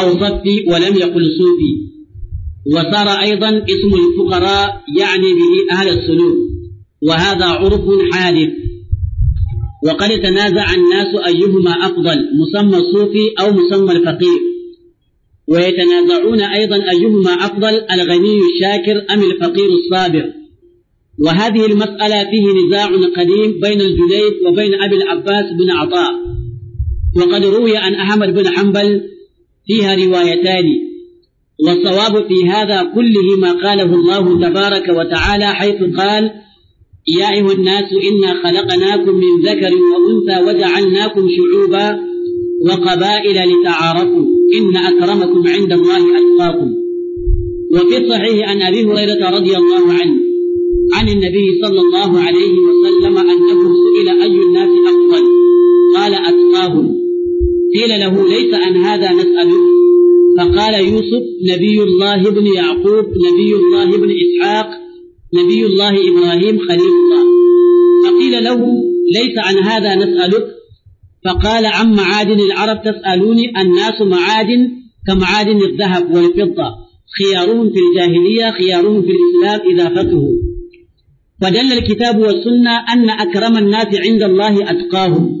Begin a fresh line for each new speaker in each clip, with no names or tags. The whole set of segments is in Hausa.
أو صفي ولم يقل صوفي وصار أيضا اسم الفقراء يعني به أهل السلوك وهذا عرف حادث وقد تنازع الناس أيهما أفضل مسمى الصوفي أو مسمى الفقير ويتنازعون أيضا أيهما أفضل الغني الشاكر أم الفقير الصابر وهذه المسألة فيه نزاع قديم بين الجليد وبين أبي العباس بن عطاء وقد روي عن أحمد بن حنبل فيها روايتان والصواب في هذا كله ما قاله الله تبارك وتعالى حيث قال يا أيها الناس إنا خلقناكم من ذكر وأنثى وجعلناكم شعوبا وقبائل لتعارفوا إن أكرمكم عند الله أتقاكم وفي الصحيح عن أبي هريرة رضي الله عنه عن النبي صلى الله عليه وسلم أنه سئل أي الناس أفضل قال أتقاهم قيل له ليس عن هذا نسألك فقال يوسف نبي الله ابن يعقوب نبي الله ابن إسحاق نبي الله إبراهيم خليل الله فقيل له ليس عن هذا نسألك فقال عن معادن العرب تسألوني الناس معادن كمعادن الذهب والفضة خيارهم في الجاهلية خيارهم في الإسلام إذا فقهوا فدل الكتاب والسنة أن أكرم الناس عند الله أتقاهم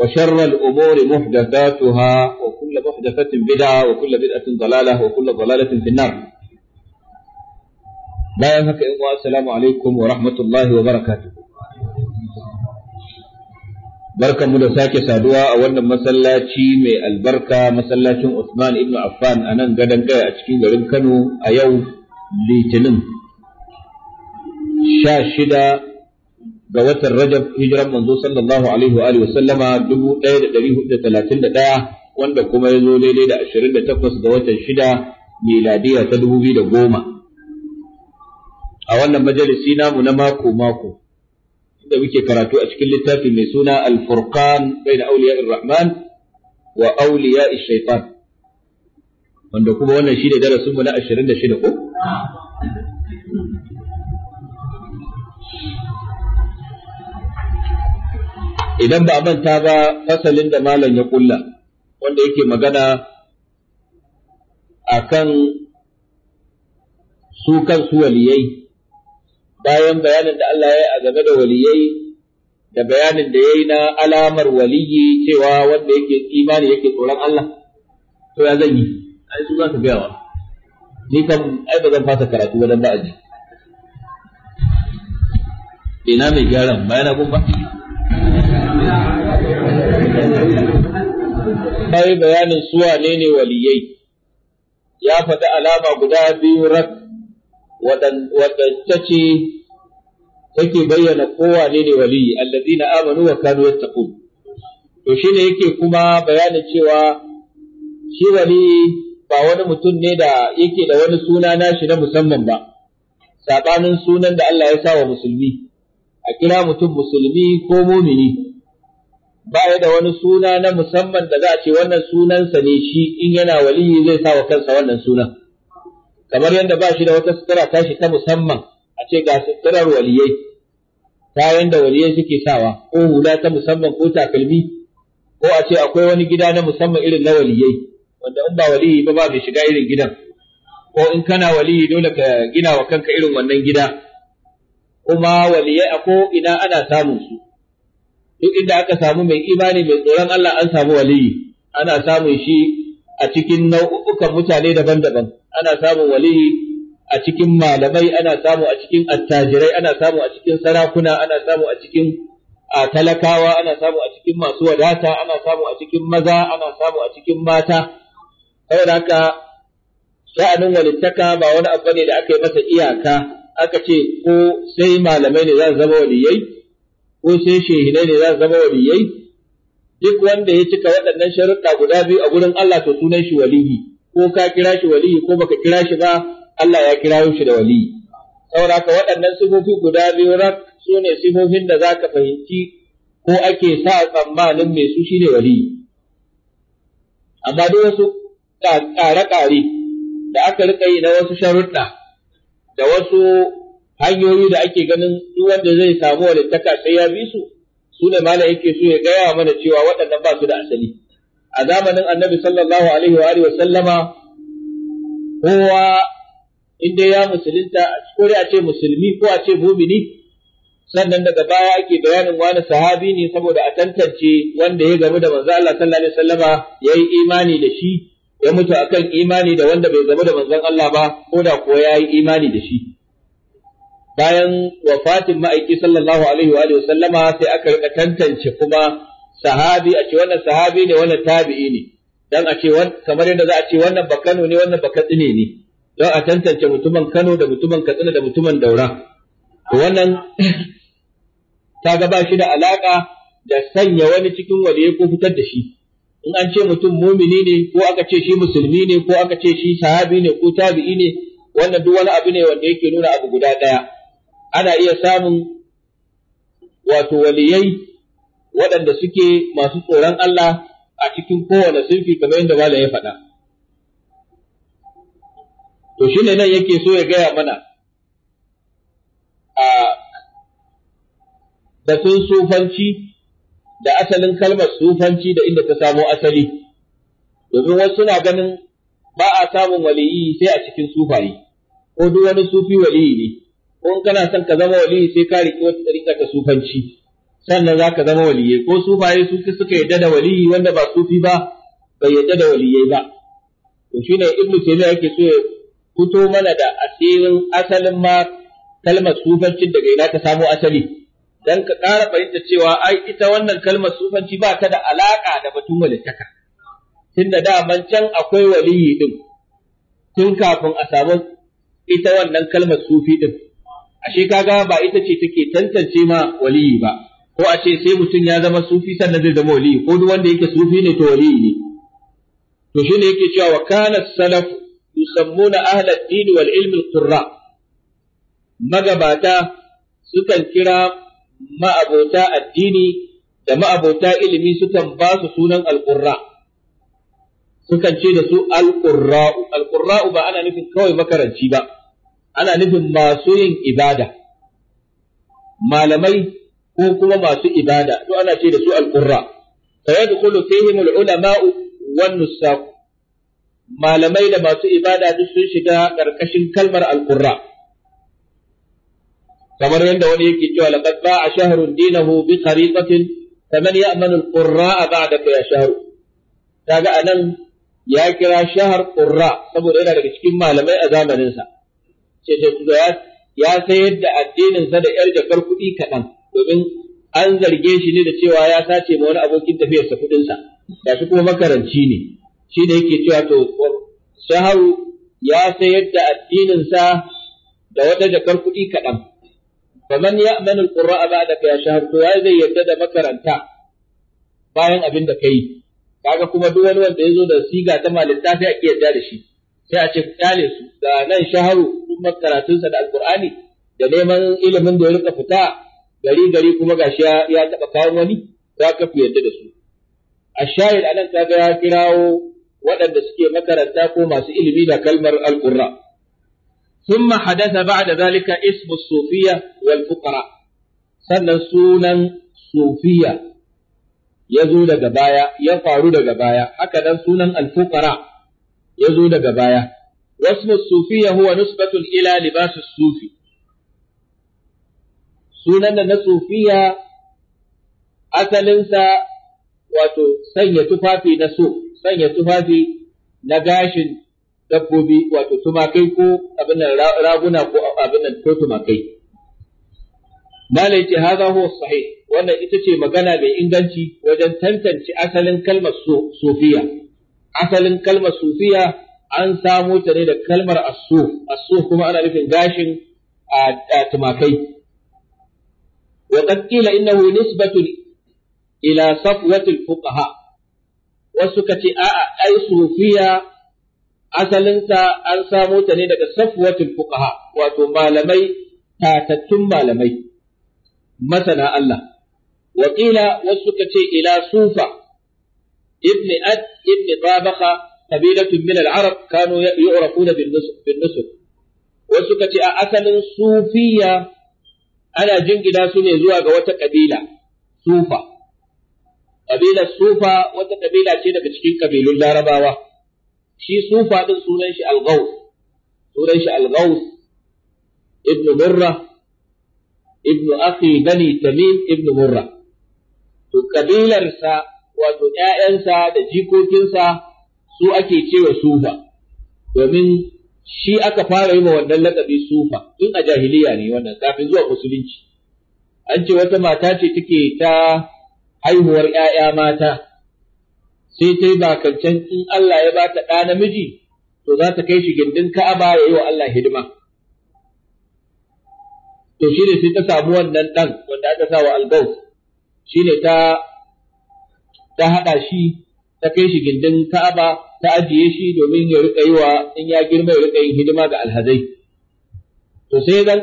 وشر الأمور محدثاتها وكل محدثة بدعة وكل بدعة ضلالة وكل ضلالة في النار bayan haka in assalamu alaikum wa rahmatullahi wa barakatuh barkan mu da sake saduwa a wannan masallaci mai albarka masallacin Usman ibn Affan a nan gadon a cikin garin Kano a yau litinin sha shida ga watan Rajab hijiran manzo sallallahu alaihi wa alihi wasallama 1431 wanda kuma ya zo daidai da 28 ga watan 6 miladiya ta 2010 a wannan majalisi namu na mako mako inda muke karatu a cikin littafi mai suna al-furqan baina awliya rahman wa awliya shaytan wanda kuma wannan shi ne darasinmu na 26 ko idan ba manta ba fasalin da malam ya kulla wanda yake magana akan su kansu waliyai bayan bayanin da Allah ya yi a game da waliyai da bayanin da ya yi na alamar waliyi cewa wanda yake imani yake tsoron Allah to ya zan yi ai su za su gaya wa ni kan ai ba zan fasa karatu ba dan ba aji ina mai gyaran bayan abun ba na bayanin su wane ne waliyai ya faɗi alama guda biyu rak waɗanta ce take bayyana ko ne ne waliyi allazi na amanu wa kanu yattaqun to shine yake kuma bayanin cewa shi wali ba wani mutum ne da yake da wani suna nashi na musamman ba sabanin sunan da Allah ya sa wa musulmi a kira mutum musulmi ko mumini ya da wani suna na musamman da za a ce wannan sunansa ne shi in yana waliyi zai sa wa kansa wannan sunan kamar yadda ba shi da wata sutura ta shi ta musamman a ce ga suturar waliyai Ta yadda waliyai suke sawa ko hula ta musamman ko takalmi ko a ce akwai wani gida na musamman irin na waliyai wanda in ba waliyi ba ba mai shiga irin gidan ko in kana waliyi dole ka gina wa kanka irin wannan gida kuma waliyai a ko ina ana samun su duk inda aka samu mai imani mai tsoron Allah an samu waliyi ana samun shi a cikin nau'ukan mutane daban-daban ana samun waliyi a cikin malamai ana samu a cikin attajirai ana samu a cikin sarakuna ana samu a cikin talakawa ana samu a cikin masu wadata ana samu a cikin maza ana samu a cikin mata saboda haka sha'anin walittaka ba wani abu ne da aka yi masa iyaka aka ce ko sai malamai ne za su zama waliyai ko sai shehinai ne za su zama waliyai duk wanda ya cika waɗannan sharuɗa guda biyu a gurin Allah to sunan shi waliyi ko ka kira shi waliyi ko baka kira shi ba Allah ya kira shi da waliyi saboda ka waɗannan sifofi guda biyu rak su ne sifofin da za ka fahimci ko ake sa tsammanin mai su shi ne waliyi amma duk wasu ƙare-ƙare da aka riƙa yi na wasu sharuɗa da wasu hanyoyi da ake ganin duk wanda zai samu walittaka sai ya bi su su ne malam yake so ya gaya mana cewa waɗannan ba su da asali a zamanin annabi sallallahu alaihi wa alihi sallama kowa in ya musulunta ko a ce musulmi ko a ce mumini sannan daga baya ake bayanin wani sahabi ne saboda a tantance wanda ya gamu da manzo Allah sallallahu alaihi sallama yayi imani da shi ya mutu akan imani da wanda bai zama da manzon Allah ba ko da kuwa ya yi imani da shi bayan wafatin ma'aiki sallallahu alaihi wa sallama sai aka rika tantance kuma sahabi a ce wannan sahabi ne wannan tabi'i ne dan a ce kamar yadda za a ce wannan ba Kano ne wannan ba Katsina ne don a tantance mutumin Kano da mutumin Katsina da mutumin Daura to wannan ta gaba shi da alaka da sanya wani cikin waliye ko fitar da shi in an ce mutum mumini ne ko aka ce shi musulmi ne ko aka ce shi sahabi ne ko tabi'i ne wannan duk wani abu ne wanda yake nuna abu guda ɗaya ana iya samun wato waliyai waɗanda suke masu tsoron Allah a cikin kowane sulfi kamar yadda Malam ya faɗa to shi ne nan yake so ya gaya mana a batun sufanci da asalin kalmar sufanci da inda ta samo asali domin wasu suna ganin ba a samun waliyi sai a cikin sufaye ko duk wani sufi waliyi ne ko in kana son ka zama waliyi sai ka riƙe wata tsarika ta sufanci sannan za ka zama waliyai ko sufaye su suka yadda da waliyi wanda ba sufi ba bai yadda da waliyai ba to ne ibnu taymiya yake so ya fito mana da asirin asalin ma kalmar sufancin daga ina ta samo asali dan ka ƙara fahimta cewa ai ita wannan kalmar sufanci ba ta da alaka da batun walittaka tunda daman can akwai waliyi din tun kafin a samu ita wannan kalmar sufi din ashe kaga ba ita ce take tantance ma waliyi ba ko a ce sai mutum ya zama sufi sannan zai zama waliyi ko duk wanda yake sufi ne to waliyi ne to shine yake cewa wa kana salaf yusammuna ahla ad-din wal ilm al-qurra magabata sukan kira ma'abota addini da ma'abota ilimi sukan ba su sunan alƙurra sukan ce da su alƙurra'u alƙurra'u ba ana nufin kawai makaranci ba ana nufin masu yin ibada malamai ko kuma masu ibada to ana ce da su alƙurra fa yadkhulu fihim al-ulama'u wan malamai da masu ibada duk sun shiga ƙarƙashin kalmar alƙurra kamar yadda wani yake cewa laqad ba'a shahrun dinahu bi khariqatin faman ya'manu al-qurra'a ba'daka ya shahru kaga anan ya kira shahar qurra saboda yana daga cikin malamai a zamanin sa ya ya sayar da addinin sa da yar jakar kuɗi kaɗan domin an zarge shi ne da cewa ya sace ma wani abokin tafiyarsa kuɗin sa shi kuma makaranci ne shi da yake cewa to shaharu ya sayar da addinin sa da wata jakar kuɗi kaɗan faman ya'man alqur'a ba'daka ya shahar to wai zai yarda da makaranta bayan abin da kai kaga kuma duk wani wanda zo da siga ta malitta sai a yarda da shi sai a ce kyale su da nan shaharu duk makaratun da alqur'ani da neman ilimin da ya rika fita gari gari kuma gashi ya taba kawo wani za ka fi yarda da su a shahid anan kaga ya kirawo waɗanda suke makaranta ko masu ilimi da kalmar alqur'a ثم حدث بعد ذلك اسم الصوفية والفقراء سنة سونا صوفية يزول دقبايا يقعر دقبايا هكذا سونا الفقراء يزول دقبايا واسم الصوفية هو نسبة إلى لباس الصوفي سونا الصوفية أسلنسا wato sanya tufafi na so, sanya tufafi na gashin dabbobi wato tumakai ko abin nan raguna ko abin nan ko tumakai mala yace hadha huwa sahih wannan ita ce magana mai inganci wajen tantance asalin kalmar sufiya asalin kalmar sufiya an samo ta ne da kalmar as-suf as-suf kuma ana nufin gashin tumakai وقد قيل إنه نسبة إلى Wasu kace a'a ai Sufiya. asalinsa an samo ta ne daga safwatul fuqaha wato malamai tatattun malamai masana Allah Wakila wasu kace ce ila sufa ibn ad ibn tabaqa qabilatun min al-arab kanu yu'rafuna bin nusuk wasu suka ce a asalin sufiya ana jingina su ne zuwa ga wata kabila sufa kabilar sufa wata kabila ce daga cikin kabilun larabawa shi sufa ɗin sunan shi al sunan shi al ibn murra ibn akhi bani tamim ibn murra to kabilarsa wato 'ya'yansa da jikokinsa su ake cewa sufa domin shi aka fara yi wa wannan laƙabi sufa in a jahiliya ne wannan kafin zuwa musulunci an ce wata mata ce take ta haihuwar 'ya'ya mata sai ta yi bakancan in Allah ya ba ta ɗa namiji to za ta kai shi gindin Ka'aba ya yi wa Allah hidima. To shi ne sai ta samu wannan ɗan wanda aka sa wa albaus shi ne ta haɗa shi ta kai shi gindin Ka'aba ta ajiye shi domin ya riƙa yi wa in ya girma ya riƙa yin hidima ga alhazai. To sai zan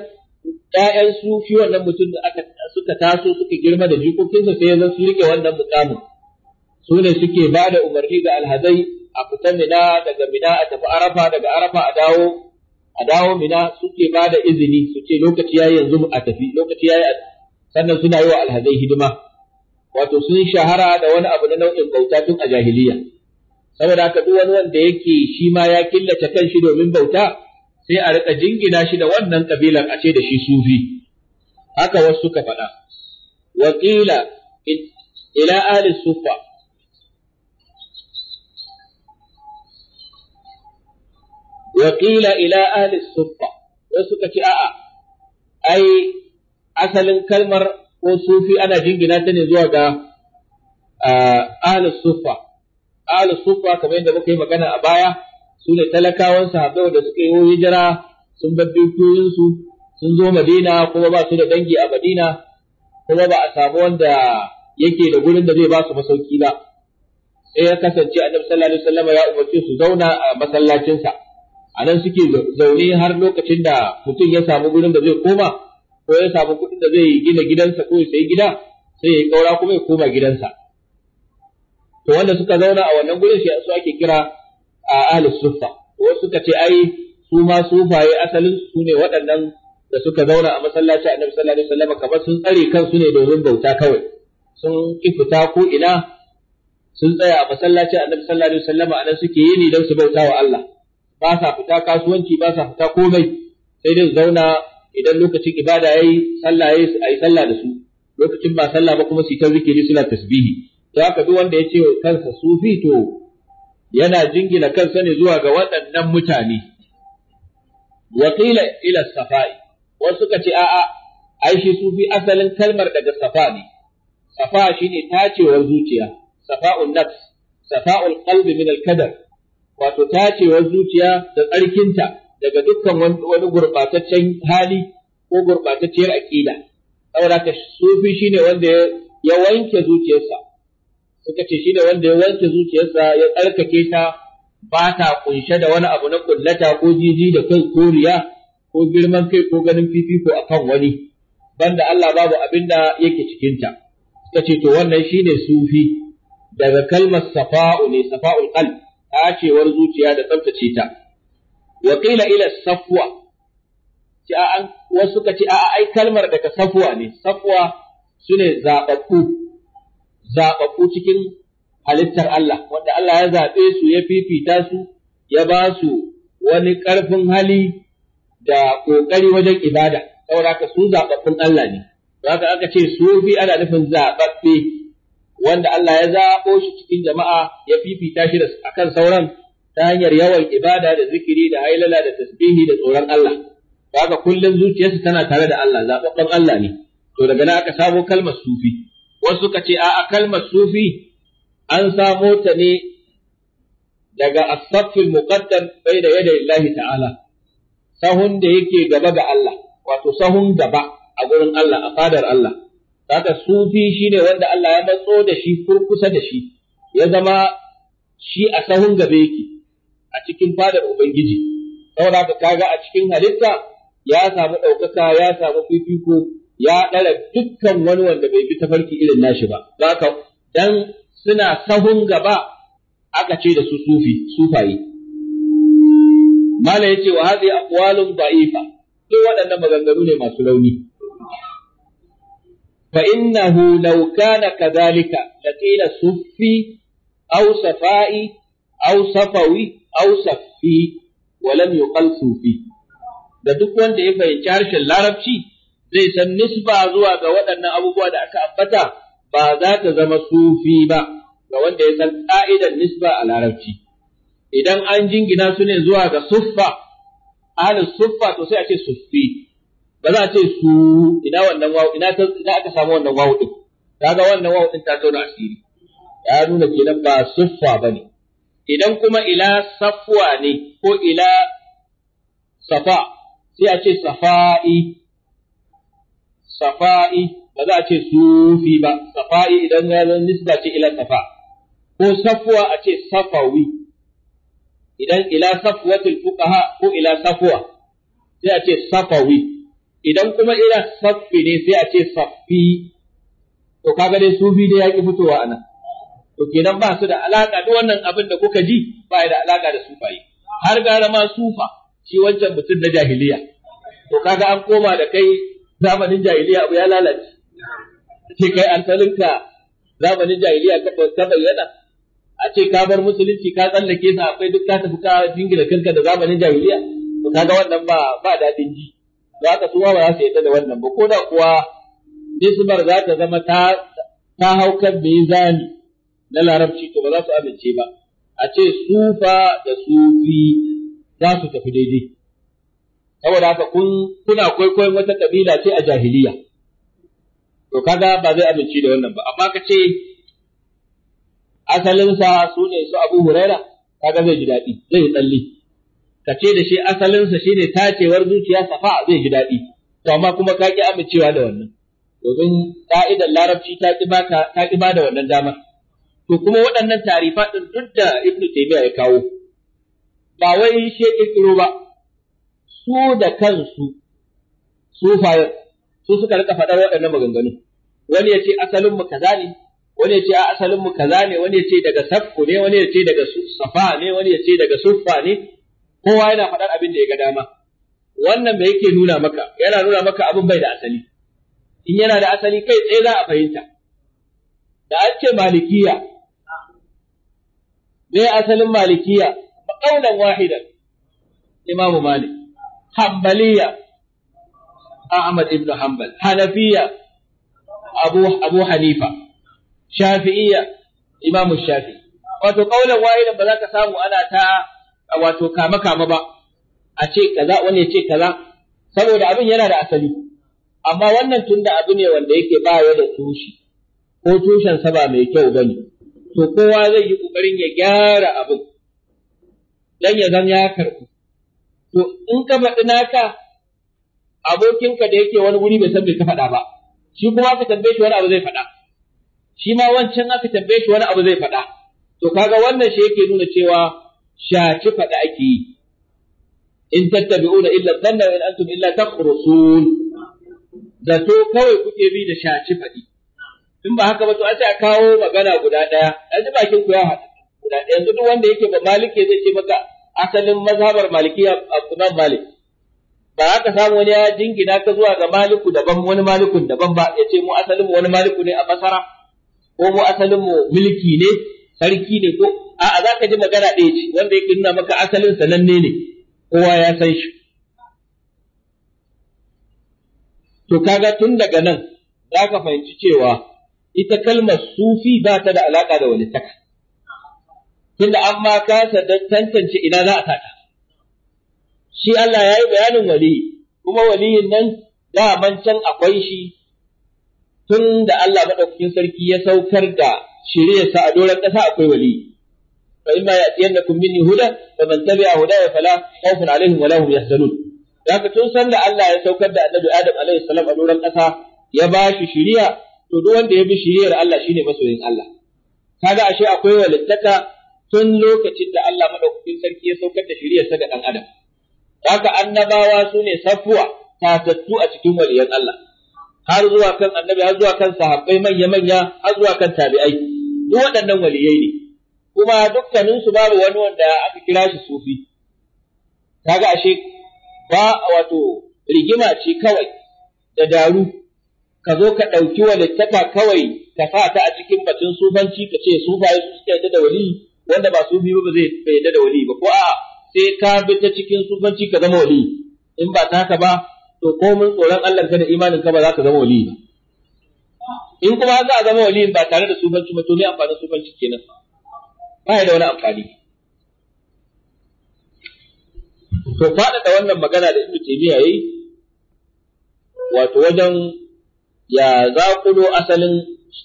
‘ya'yan su shi wannan mutum da suka taso suka girma da jikokinsa sai zan su riƙe wannan mukamin su ne suke ba da umarni ga alhazai a fita mina daga mina a tafi arafa daga arafa a dawo a dawo mina suke ba da izini su ce lokaci yayi yanzu a tafi lokaci yayi sannan suna yi wa alhazai hidima wato sun shahara da wani abu na nau'in bauta tun a jahiliya saboda haka duk wani wanda yake shi ma ya killace kanshi domin bauta sai a rika jingina shi da wannan kabilar a ce da shi sufi haka wasu suka faɗa wakila ila ahli sufa wa qila ila ahli sufa sai suka ce a'a ai asalin kalmar ko sufi ana jingina ta ne zuwa ga ahli sufa ahli sufa kamar yadda muka yi magana a baya su ne talakawan sahabbai da suka yi hijira sun bar dukiyoyinsu sun zo madina kuma ba su da dangi a madina kuma ba a samu wanda yake da gurin da zai ba su masauki ba sai ya kasance annabi sallallahu alaihi wasallam ya umarce su zauna a masallacinsa a nan suke zaune har lokacin da mutum ya samu gurin da zai koma ko ya samu kuɗin da zai gina gidansa ko ya sayi gida sai ya yi ƙaura kuma ya koma gidansa to wanda suka zauna a wannan gurin shi su ake kira a ahli sufa ko suka ce ai su ma sufaye asalin su ne waɗannan da suka zauna a masallaci annabi sallallahu alaihi wasallam kamar sun tsare kansu ne domin bauta kawai sun ki fita ko ina sun tsaya a masallaci annabi sallallahu alaihi wasallam nan suke yini don su bauta wa Allah ba sa fita kasuwanci ba sa fita komai sai dai zauna idan lokacin ibada yayi sallah yayi ayi sallah da su lokacin ba sallah ba kuma su ta zikiri suna tasbihi to haka duk wanda ya ce kansa sufi to yana jingina kansa ne zuwa ga waɗannan mutane wa qila ila safai wasu suka ce a'a ai shi sufi asalin kalmar daga safa ne safa shine tacewar zuciya safa'un nafs safa'ul qalbi min al-kadar wato tacewar zuciya da tsarkinta daga dukkan wani gurɓataccen hali ko gurɓatacciyar aƙida saboda ka sufi shine wanda ya wanke zuciyarsa suka ce ne wanda ya wanke zuciyarsa ya tsarkake ta ba ta kunshe da wani abu na kullata ko jiji da kai ko riya ko girman kai ko ganin fifiko a kan wani banda Allah babu abin da yake cikinta suka ce to wannan shine sufi daga kalmar safa'u ne safa'ul qalb tacewar zuciya da tsaftace ta wa qila ila safwa ci an wasu ka ce a ai kalmar daga safwa ne safwa sune zaɓaɓɓu, zaɓaɓɓu cikin halittar Allah wanda Allah ya zabe su ya fifita su ya ba su wani ƙarfin hali da ƙoƙari wajen ibada saboda ka su zababbun Allah ne haka aka ce sufi ana nufin zababbe wanda Allah ya zaɓo shi cikin jama'a ya fifita shi akan sauran ta hanyar yawan ibada da zikiri da hailala da tasbihi da tsoron Allah kaga kullum zuciyarsa tana tare da Allah zaɓaɓɓen Allah ne to daga nan aka samo kalmar sufi wasu ka ce a'a kalmar sufi an samo ta ne daga Asafin saffil muqaddam da yadda Allah ta'ala sahun da yake gaba ga Allah wato sahun gaba a gurin Allah a fadar Allah Kaga sufi shine wanda Allah ya matso da shi kurkusa da shi, ya zama shi a sahun gabe yake a cikin fadar Ubangiji. Saboda ka kaga a cikin halitta ya samu ɗaukaka, ya samu fifiko, ya ɗara dukkan wani wanda bai bi tafarki irin nashi ba. haka dan suna sahun gaba aka ce da su sufi, sufaye. Mala ya ce wa hazi aqwalun da'ifa, duk waɗannan maganganu ne masu rauni. فإنه لو كان كذلك لقيل صفي أو صفائي أو صفوي أو صفي ولم يقل صوفي da duk wanda ya fahimci harshen larabci zai san nisba zuwa ga waɗannan abubuwa da aka ambata ba za ta zama sufi ba ga wanda ya san ƙa'idar nisba a larabci idan an jingina su ne zuwa ga suffa ahalin suffa to sai a ce suffi ba za a ce su ina wannan wawu ina ta ina aka samu wannan wawu din kaga wannan wawu din ta tona asiri ya nuna kenan ba suffa bane idan kuma ila safwa ne ko ila safa sai a ce safa'i safa'i ba za a ce sufi ba safa'i idan ya zan nisba ce ila safa ko safwa a ce safawi idan ila safwatul fuqaha ko ila safwa sai a ce safawi idan kuma ina saffi ne sai a ce saffi to kaga dai su bi da yaki fitowa anan to kenan ba su da alaka da wannan abin da kuka ji ba da alaka da sufaye har gara ma sufa shi wancan mutum na jahiliya to kaga an koma da kai zamanin jahiliya abu ya lalace ce kai an talinka zamanin jahiliya ka bayyana a ce ka bar musulunci ka tsallake sa akwai duk ka tafi ka jingina kanka da zamanin jahiliya to kaga wannan ba ba dadin ji Za ka su ba za su yadda da wannan ba ko da kuwa nisbar za ta zama ta ta yi mizani na larabci to ba za su amince ba a ce sufa da sufi za su tafi daidai saboda haka kun kuna kwaikwayon wata kabila ce a jahiliya to kaga ba zai amince da wannan ba amma ka ce asalinsa su ne su abu huraira kaga zai ji daɗi zai yi tsalli. ka ce da shi asalinsa shine tacewar zuciya safa zai ji daɗi to amma kuma ka ki amincewa da wannan domin ka'idar larabci ta ki baka ta ki bada wannan damar to kuma waɗannan tarifa din duk da ibnu taymiya ya kawo ba wai shi ƙirƙiro ba su da kansu su sufaye su suka rika faɗar waɗannan maganganu? wani ya ce asalin mu kaza ne wani ya ce a asalin mu kaza ne wani ya ce daga safku ne wani ya ce daga safa ne wani ya ce daga suffa ne kowa yana faɗar abin da ya ga dama wannan me yake nuna maka yana nuna maka abin bai da asali in yana da asali kai tsaye za a fahimta da an ce malikiya me asalin malikiya qaulan wahidan imam malik hanbaliya ahmad ibn hanbal hanafiya abu abu hanifa shafi'iyya imam shafi wato qaulan wahidan ba za ka samu ana ta wato kama kama ba a ce kaza wani ya ce kaza saboda abin yana da asali amma wannan tunda abu ne wanda yake ba ya da tushe ko tushensa ba mai kyau bane to kowa zai yi kokarin ya gyara abin dan ya zama ya karbu to in ka faɗi naka abokinka da yake wani wuri bai san bai ka faɗa ba shi kuma aka tambaye shi wani abu zai faɗa shi ma wancan aka tambaye shi wani abu zai faɗa to kaga wannan shi yake nuna cewa shaci faɗa ake yi in tattabi'una illa dhanna wa in antum illa takhrusun to kawai kuke bi da shaci faɗi in ba haka ba to a ce a kawo magana guda ɗaya ji bakin ku ya haɗu guda ɗaya yanzu duk wanda yake ba malike zai ce maka asalin mazhabar malikiya Imam Malik ba haka samu wani ya jingina ka zuwa ga maliku daban wani malikun daban ba ya ce mu asalin mu wani maliku ne a basara ko mu asalin mu mulki ne sarki ne ko a'a za ka ji magana ɗaya ce wanda ya nuna maka asalin sananne ne kowa ya san shi to kaga tun daga nan za ka fahimci cewa ita kalmar sufi ba ta da alaka da wani taka tunda an ma kasa tantance ina za a sata shi Allah ya yi bayanin wali kuma waliyin nan da man can akwai shi tun da Allah madaukakin sarki ya saukar da shiryarsa a doron ƙasa akwai wali fa imma ya'tiyannakum minni huda fa man tabi'a hudaya fala khawfun alaihim wala hum yahzanun haka tun san da Allah ya saukar da Annabi Adam alaihi salam a doron ƙasa ya ba shi shiriya to duk wanda ya bi shiriyar Allah shine masoyin Allah kaga ashe akwai walittaka tun lokacin da Allah madaukakin sarki ya saukar da shiriyarsa ga dan Adam haka annabawa sune safuwa tatattu a cikin waliyan Allah har zuwa kan annabi har zuwa kan sahabbai manya manya har zuwa kan tabi'ai duk waɗannan waliyai ne kuma dukkanin su babu wani wanda aka kira shi sufi kaga ashe ba wato rigima ce kawai da daru ka zo ka ɗauki walittaka kawai ka sa ta a cikin batun sufanci ka ce sufaye su suka yadda da wali wanda ba sufi ba zai yadda da wali ba ko a sai ka bi ta cikin sufanci ka zama wali in ba ta haka ba to komin tsoron Allah ka da imanin ka ba za ka zama wali ba in kuma za a zama wali ba tare da sufanci ba to me amfanin sufanci kenan ba ya da wani amfani to da wannan magana da Ibnu Taymiya yayi wato wajen ya za zaƙulo asalin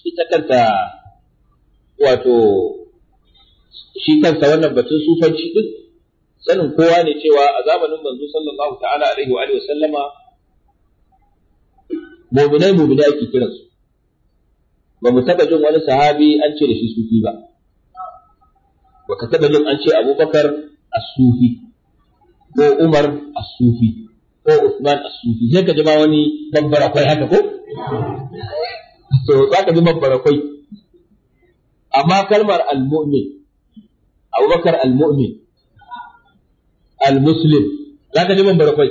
ita kanta wato shi kansa wannan batun sufanci din sanin kowa ne cewa a zamanin manzo sallallahu ta'ala alaihi wa alihi wa sallama mu'minai mu'minai ake kiransu ba mu taɓa jin wani sahabi an ce da shi sufi ba ba ka taɓa jin an ce abubakar a sufi ko umar a sufi ko usman a sufi sai ka ji ma wani babbara kwai haka ko so za ka ji babbara kwai amma kalmar al-mu'min abubakar al-mu'min al-muslim za ka ji babbara kwai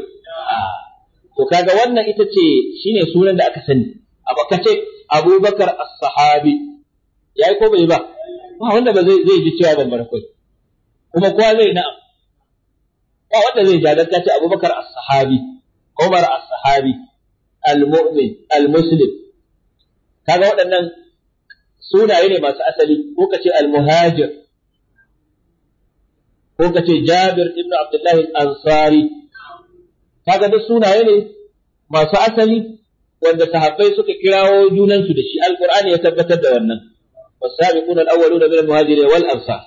to kaga wannan ita ce shine sunan da aka sani abu ka ce abubakar as-sahabi yayi ko bai ba ba wanda ba zai zai ji cewa ban kai kuma kowa zai na'am ba wanda zai ja dan ce abubakar as-sahabi umar as-sahabi al-mu'min al-muslim kaga waɗannan sunaye ne masu asali ko kace al-muhajir ko kace Jabir ibn Abdullah al-Ansari kaga duk sunaye ne masu asali wanda sahabbai suka kirawo junansu da shi alqur'ani ya tabbatar da wannan wasabiquna alawwaluna min almuhajirin wal ansar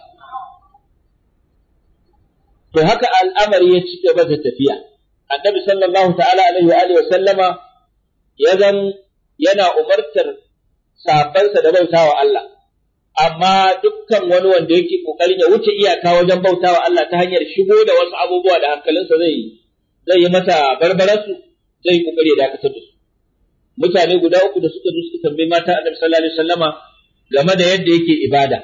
to haka al'amari ya ci gaba da tafiya annabi sallallahu ta'ala alaihi wa alihi wa sallama ya zan yana umartar sahabbansa da bautawa Allah amma dukkan wani wanda yake kokarin ya wuce iyaka wajen bautawa Allah ta hanyar shigo da wasu abubuwa da hankalinsa zai yi zai yi mata barbararsu zai yi kokari ya aka da mutane guda uku da suka zo suka tambayi mata annabi sallallahu alaihi wasallama game da yadda yake ibada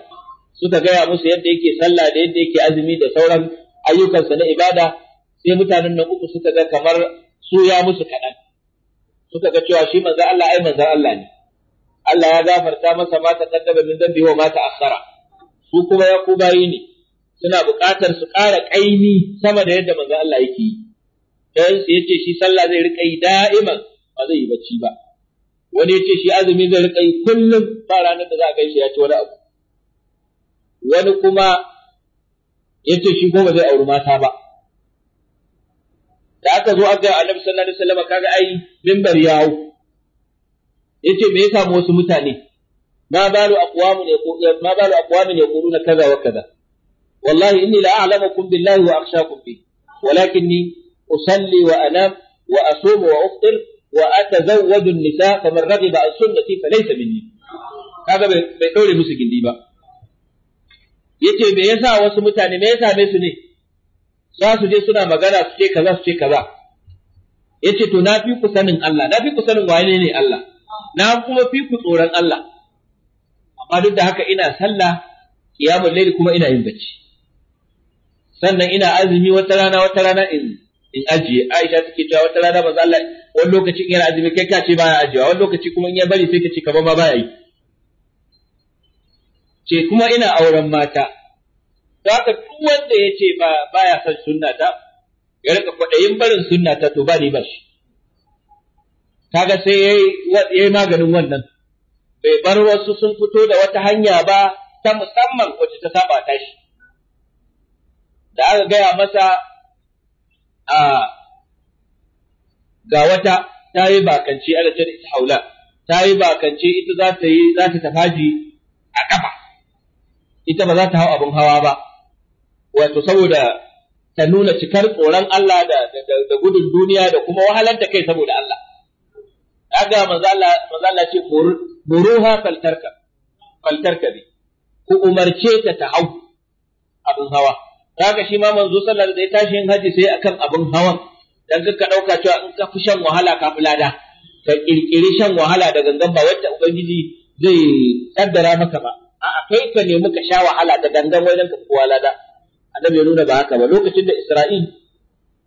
suka gaya musu yadda yake sallah da yadda yake azumi da sauran ayyukansa na ibada sai mutanen nan uku suka ga kamar su ya musu kaɗan suka ga cewa shi manzon Allah ai manzon Allah ne Allah ya gafarta masa mata kaddaba min zambi wa mata akhara su kuma ya kubayi ne suna buƙatar su ƙara ƙaimi sama da yadda manzon Allah yake yi dan sai yace shi sallah zai rika yi da'iman ba zai yi bacci ba wani yace shi azumi zai rika yi kullum ba ranar da za a gaishe ya ci wani abu wani kuma yace shi goma zai auri mata ba da aka zo aka yi annabi sallallahu alaihi wasallam kaga ai mimbar yawo yace me ya mu wasu mutane ما بال أقوام ما بال أقوام يقولون كذا وكذا والله إني لأعلمكم بالله وأخشاكم به ولكني أصلي وأنام وأصوم وأفطر وأتزوج النساء فمن رغب عن سنتي فليس مني هذا bai ɗaure musu gindi ba yace me yasa wasu mutane me yasa me su ne za su je suna magana su ce kaza su ce kaza yace to na fi ku sanin Allah na fi ku sanin waye ne Allah na kuma fi ku tsoron Allah amma duk da haka ina sallah qiyamul layl kuma ina yin bacci sannan ina azumi wata rana wata rana in in ajiye Aisha take cewa wata rana manzo Allah wani lokaci in yana azumi kai ka ce baya ajiyewa wani lokaci kuma in ya bari sai ka ce kamar ma baya yi ce kuma ina auren mata haka duk wanda ya ce ba baya son sunna ta ya rika kwaɗayin barin sunna ta to ba ni ba shi kaga sai yayi yayi maganin wannan bai bar wasu sun fito da wata hanya ba ta musamman wacce ta saba ta shi da aka gaya masa a ga wata ta yi bakance ana ta ita haula ta yi bakance ita za ta yi za ta tafaji a kafa ita ba za ta hau abin hawa ba wato saboda ta nuna cikar tsoron Allah da da gudun duniya da kuma wahalar da kai saboda Allah kaga manzo Allah ce buruha faltarka faltarka bi ku umarce ta ta hau abin hawa Kaga shi ma manzo sallallahu alaihi wasallam da ya tashi yin haji sai akan abin hawan dan ka dauka cewa in ka fi shan wahala ka fi lada ka kirkiri shan wahala da gangan ba wacce ubangiji zai kaddara maka ba a'a kai ka nemi ka sha wahala da gangan wajen ka kowa lada annabi ya nuna ba haka ba lokacin da Isra'il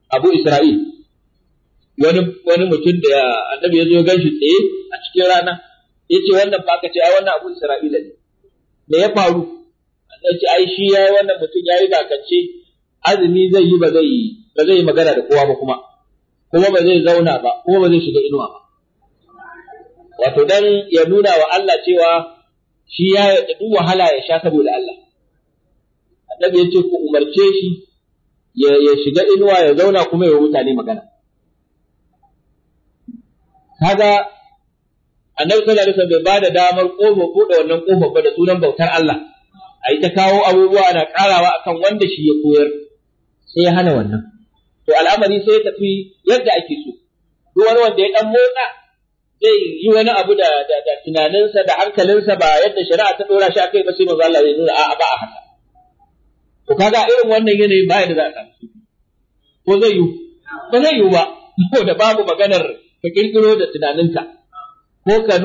Abu Isra'il wani wani mutum da annabi ya zo gan shi tsaye a cikin rana yace wannan ba ka ce ai wannan Abu Isra'ila ne me ya faru A ce ai shi yayi wannan mutum yayi bakance azumi zai yi ba zai ba zai magana da kowa ba kuma kuma ba zai zauna ba kuma ba zai shiga inuwa ba wato dan ya nuna wa Allah cewa shi ya duk wahala ya sha saboda Allah annabi yace ku umarce shi ya ya shiga inuwa ya zauna kuma ya mutane magana kaga annabi sallallahu alaihi wasallam bai bada damar kofa bude wannan kofa ba da sunan bautar Allah a yi ta kawo abubuwa na karawa akan wanda shi ya koyar sai ya hana wannan to al'amari sai ya tafi yadda ake so duk wani wanda ya dan motsa zai yi wani abu da tunaninsa da hankalinsa ba yadda shari'a ta dora shi akai ba sai manzo Allah zai nuna a'a ba a haka to kaga irin wannan yanayi ba yadda za a samu ko zai yi ba zai yi ba da babu maganar ka kirkiro da tunaninka ko ka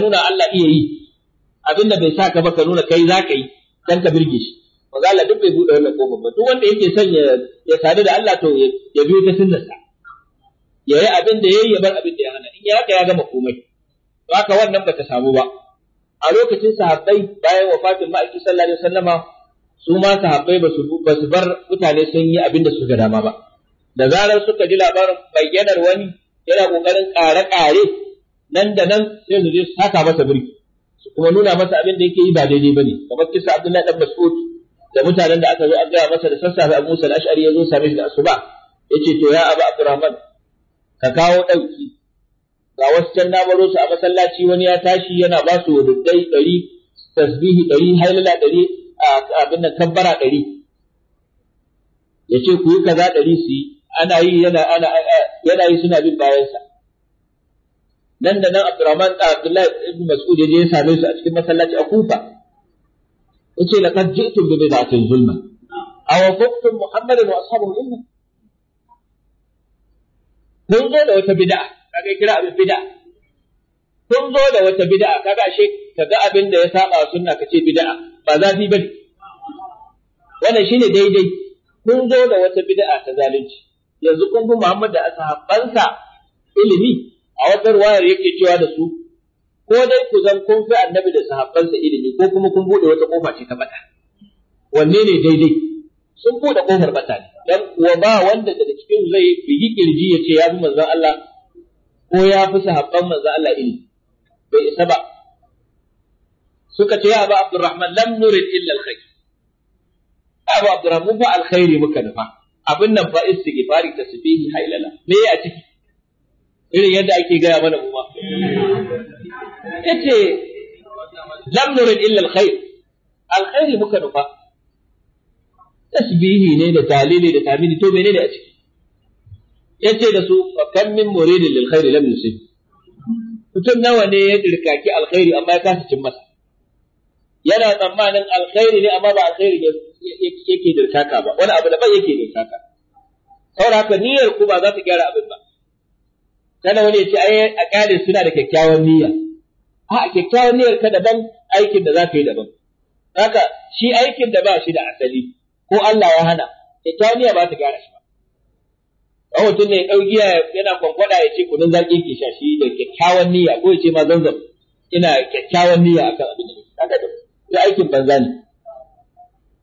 nuna Allah iya yi Abin da bai sa ka ba ka nuna kai za ka yi dan ka birge shi manzo duk bai bude wannan kofar ba duk wanda yake son ya sadu da Allah to ya biyo ta sunnarsa ya yi abin da yayi ya bar abin da ya hana in ya haka ya gama komai to haka wannan bata samu ba a lokacin sahabbai bayan wafatin ma'aiki sallallahu alaihi wasallama su ma sahabbai ba su ba su bar mutane sun yi abin da su ga dama ba da zarar suka ji labarin bayyanar wani yana kokarin ƙare-ƙare nan da nan sai su je su saka masa birki kuma nuna masa abin da yake yi ba daidai bane kamar kisa Abdullahi dan Mas'ud da mutanen da aka zo an gaya masa da sassafe Abu Musa al-Ash'ari ya zo same shi da asuba yace to ya Abu Abdurrahman ka kawo dauki ga wasu can na baro su a masallaci wani ya tashi yana ba su wududdai ɗari tasbihi ɗari hailala ɗari abin nan kabbara ɗari ya ce ku yi kaza ɗari su yi ana yi yana yi suna bin bayansa nan da nan Abdurrahman Abdullahi ibn Mas'ud ya je ya same su a cikin masallaci a Kufa yace laqad ji'tum bi bid'atin zulma aw wafaqtum Muhammadan wa ashabahu illa kun zo da wata bid'a kaga kira abin bid'a kun zo da wata bid'a kaga ashe kaga abin da ya saba sunna kace bid'a ba zafi bane wannan shine daidai kun zo da wata bid'a ta zalunci yanzu kun bi Muhammad da ashabansa ilimi a wata wayar yake cewa da su ko dai ku zan kun fi annabi da sahabbansa ilimi ko kuma kun bude wata kofa ce ta bata wanne ne daidai sun bude kofar bata ne dan kuwa ba wanda daga cikin zai bigi kirji ya ce ya fi manzon Allah ko ya fi sahabban manzon Allah ilimi bai isa ba suka ce ya ba Abdurrahman lam nurid illa alkhair Abu Abdurrahman ba alkhairi muka nufa abin nan fa istighfari tasbihi hailala me a ciki irin yadda ake gaya mana kuma tace lam nurid illa alkhair alkhairi muka nufa tasbihi ne da talili da tamini to menene a ciki yace da su fa kam min muridin lil khair lam yusib mutum nawa ne ya dirkaki alkhairi amma ya kasa cin masa yana tsammanin alkhairi ne amma ba alkhairi ne yake dirkaka ba wani abu da daban yake dirkaka saboda haka niyyar ku ba za ta gyara abin ba kada wani ya ce ai a kyale suna da kyakkyawan niyya a kyakkyawan niyyar ka daban aikin da za ka yi daban haka shi aikin da ba shi da asali ko Allah ya hana kyakkyawan niyya ba ta gyara shi ba dan mutum ne ya yana kwankwada ya ce kudin zaki ke sha shi da kyakkyawan niyya ko ya ce ma zanzan ina kyakkyawan niyya akan abin da kaga da ya aikin banza ne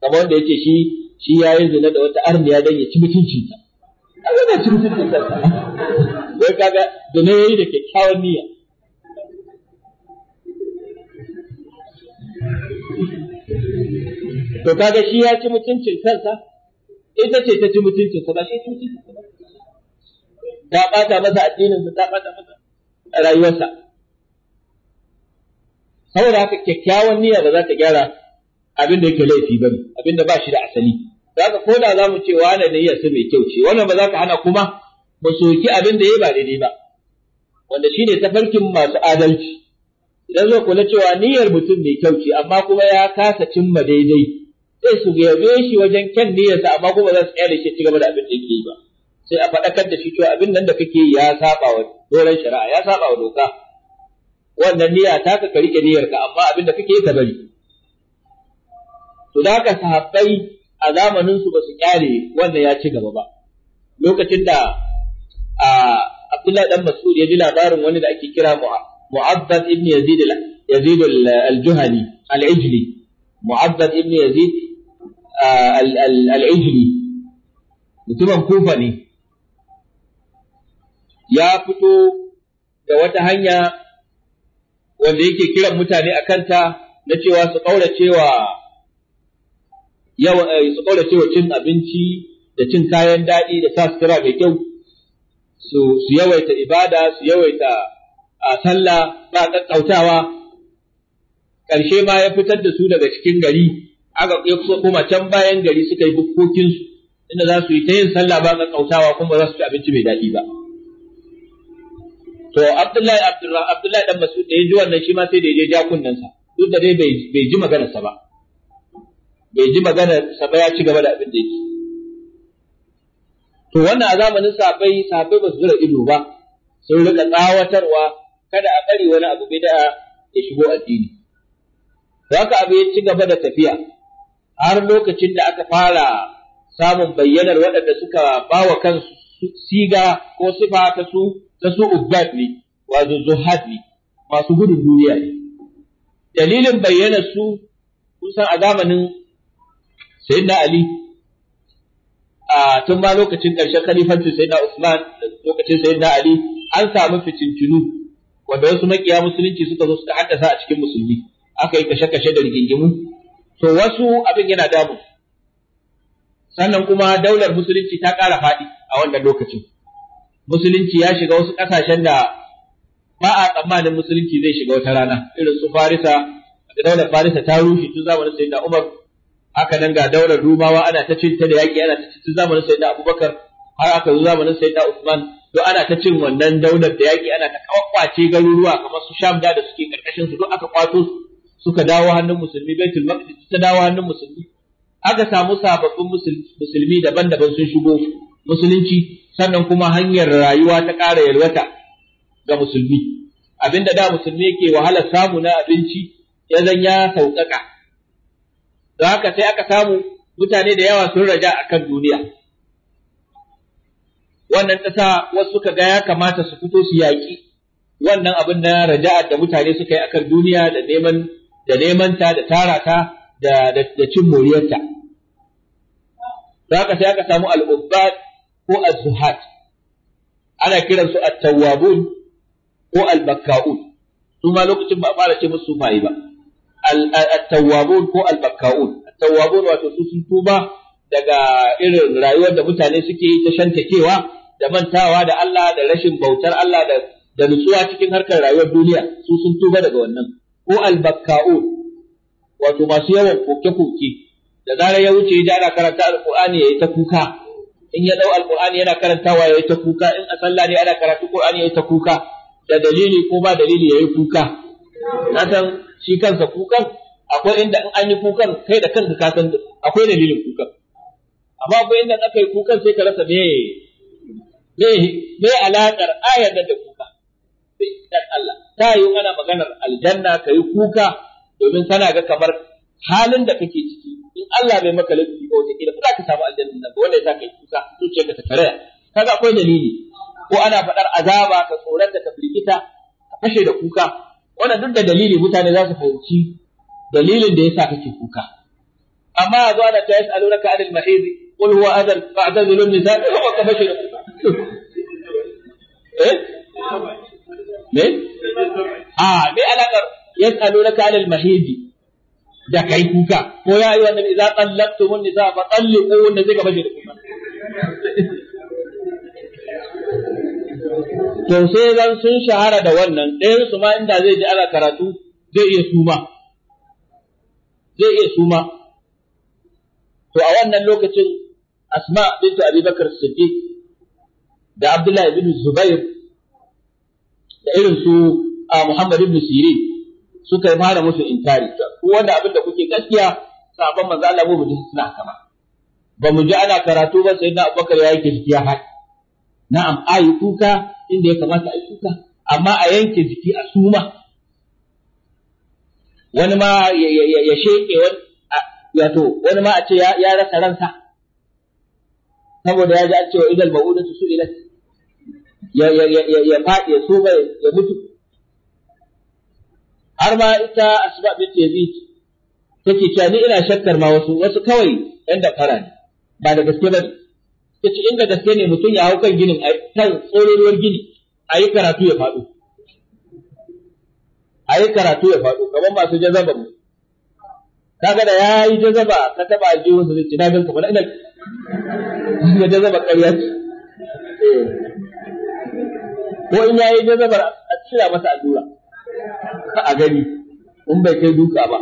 kamar wanda ya ce shi shi yi zina da wata arniya dan ya ci mutuncinta kaga da ci mutuncinta wai kaga da na yayi da kyakkyawan niyya
to kaga shi ya
ci mutuncin kansa ita ce ta ci mutuncin sa ba shi ci mutuncin sa ba ta bata masa addinin sa ta bata masa rayuwarsa saboda haka kyakkyawan niyya ba za ta gyara abin da yake laifi ba abin da ba shi da asali za ka koda za mu ce wane niyyar sa mai kyau ce wannan ba za ka hana kuma su yi abin da ya ba daidai ba wanda shi shine tafarkin masu adalci idan zo kula cewa niyyar mutum mai kyau ce amma kuma ya kasa cimma daidai sai su yabe shi wajen kyan niyyarsa amma kuma za su tsaya da shi ci gaba da abin da yake yi ba sai a faɗakar da shi cewa abin nan da kake ya saba wa doron shari'a ya saba wa doka wannan niyya ta ka ka rike niyyarka amma abin da kake ka bari to da haka sahabbai a zamanin su ba su kyale wannan ya ci gaba ba lokacin da Abdullahi dan Mas'ud ya ji labarin wani da ake kira Mu'abbad ibn Yazid Yazid al-Juhani al-Ijli Mu'abbad ibn Yazid al-Ijli mutumin Kufa ne ya fito da wata hanya wanda yake kiran mutane a kanta na cewa su ƙauracewa yawa eh, su ƙauracewa cin abinci da cin kayan daɗi da sa sutura mai kyau su su yawaita ibada su yawaita a sallah ba kakkautawa ƙarshe ma ya fitar da su daga cikin gari aka kuma can bayan gari suka yi bukkokinsu inda za su yi ta yin sallah ba kakkautawa kuma za su ci abinci mai daɗi ba to Abdullahi Abdullahi dan Mas'ud da ji wannan shi ma sai da ya je ja sa, duk da dai bai ji maganarsa ba bai ji maganarsa ba ya ci gaba da abin da yake to wannan a zamanin safai safai ba su zura ido ba sun rika tsawatarwa kada a bari wani abu bid'a ya shigo addini haka abu ya ci gaba da tafiya har lokacin da aka fara samun bayyanar waɗanda suka bawa kansu siga ko sifa ta su ta su ne masu gudun duniya dalilin bayyanar su kusan a zamanin sayyidina ali tun ba lokacin ƙarshen khalifancin na Usman lokacin na Ali an samu fitintinu wanda wasu makiya musulunci suka zo suka haddasa a cikin musulmi aka yi kashe-kashe da rigingimu to wasu abin yana damu sannan kuma daular musulunci ta ƙara faɗi a wannan lokacin musulunci ya shiga wasu ƙasashen da ba a tsammanin musulunci zai shiga wata rana irin su Farisa da daular Farisa ta rushe tun zamanin na Umar haka nan ga daular rumawa ana ta cinta da yaƙi ana ta cinta zamanin sayyidina abubakar har aka zo zamanin sayyidina usman to ana ta cin wannan daular da yaƙi ana ta kwakwace garuruwa kamar su sham da suke karkashin su duk aka kwato suka dawo hannun musulmi baitul maqdis ta dawo hannun musulmi aka samu sababbin musulmi daban-daban sun shigo musulunci sannan kuma hanyar rayuwa ta ƙara yalwata ga musulmi abinda da musulmi yake wahalar samu na abinci ya zan ya sauƙaƙa don haka sai aka samu mutane da yawa sun raja a kan duniya wannan ta sa wasu suka ga ya kamata su fito su yaƙi wannan abin na raja'a da mutane suka yi a kan duniya da neman da neman da tara ta da da cin moriyarta haka sai aka samu al ko az-zuhat ana kiran su at-tawwabun ko al-bakkaun su lokacin ba fara ce musu sumaye ba at-tawwabun ko al-bakka'un at-tawwabun wato sun tuba daga irin rayuwar da mutane suke yi ta shantakewa da mantawa da Allah da rashin bautar Allah da da nutsuwa cikin harkar rayuwar duniya su sun tuba daga wannan ko al-bakka'un wato masu yawan koke-koke da zarar ya wuce ya ana karanta alqur'ani yayi ta kuka in ya dau alqur'ani yana karantawa yayi ta kuka in a sallah ne ana karatu ya yayi ta kuka da dalili ko ba dalili yayi kuka na san shi kansa kukan akwai inda in an yi kukan kai da kanka ka san akwai dalilin kukan amma akwai inda aka yi kukan sai ka rasa me me me alaƙar ayar da kuka
sai dan Allah
ta yi ana maganar aljanna ka yi kuka domin kana ga kamar halin da kake ciki in Allah bai maka laifi ko wata kila za ka samu aljanna nan ba wanda ya sa kai kuka zuciyarka ta karaya kaga akwai dalili ko ana faɗar azaba ka tsorata ka firgita ka fashe da kuka wanda duk da dalili mutane za su fahimci dalilin da yasa kake kuka amma a zo ana ta yas'alunaka anil mahid qul huwa adhan fa'tazilu kuka nisa wa kuka? eh me ah me alakar yas'alunaka anil mahid da kai kuka ko ya ayyuhan nabi idza tallaqtumun nisa fa talliqu wanda zai kabashir to sai zan sun shahara da wannan ɗayan su ma inda zai ji ana karatu zai iya suma zai iya suma to a wannan lokacin asma bintu abubakar siddiq da abdullahi bin zubair da irin su a muhammad ibn sirin suka fara musu inkari Ko wanda abin da kuke gaskiya sabon manzo Allah mu ji suna kama ba mu ji ana karatu ba sai na abubakar ya yi gaskiya haka na'am a yi kuka inda ya kamata ayi yi kuka amma a yanke jiki a suma wani ma ya sheke wato wani ma a ce ya rasa ransa saboda ya ji an cewa idan ba'uda su ilat ya ya faɗi ya suma ya mutu har ma ita asma bint yazid take cewa ni ina shakkar ma wasu wasu kawai yan da fara ba da gaske ba ya ce inda gaske ne mutum ya hau kan ginin kan tsororuwar gini a yi karatu ya faɗo a yi karatu ya faɗo kamar masu jazaba mu kaga gada ya yi jazaba ka taɓa aljihun su zai na gan ka ina ga jazaba ƙarya ce eh. ko in ya yi jazabar a cira masa allura ka a gani in bai kai duka ba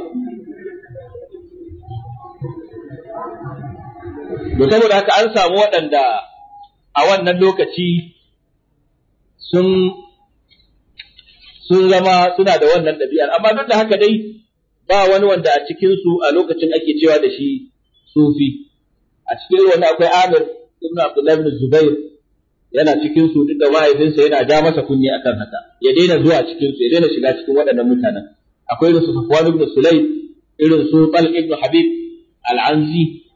To saboda haka an samu waɗanda a wannan lokaci sun sun zama suna da wannan ɗabi'ar amma duk da haka dai ba wani wanda a cikinsu a lokacin ake cewa da shi sufi a cikin wani akwai Amir ibn Abdullah ibn Zubair yana cikin su duk da mahaifinsa yana ja masa kunni akan haka ya daina zuwa cikin su ya daina shiga cikin waɗannan mutanen akwai irin su Safwan ibn Sulaym irin su Talq ibn Habib al-Anzi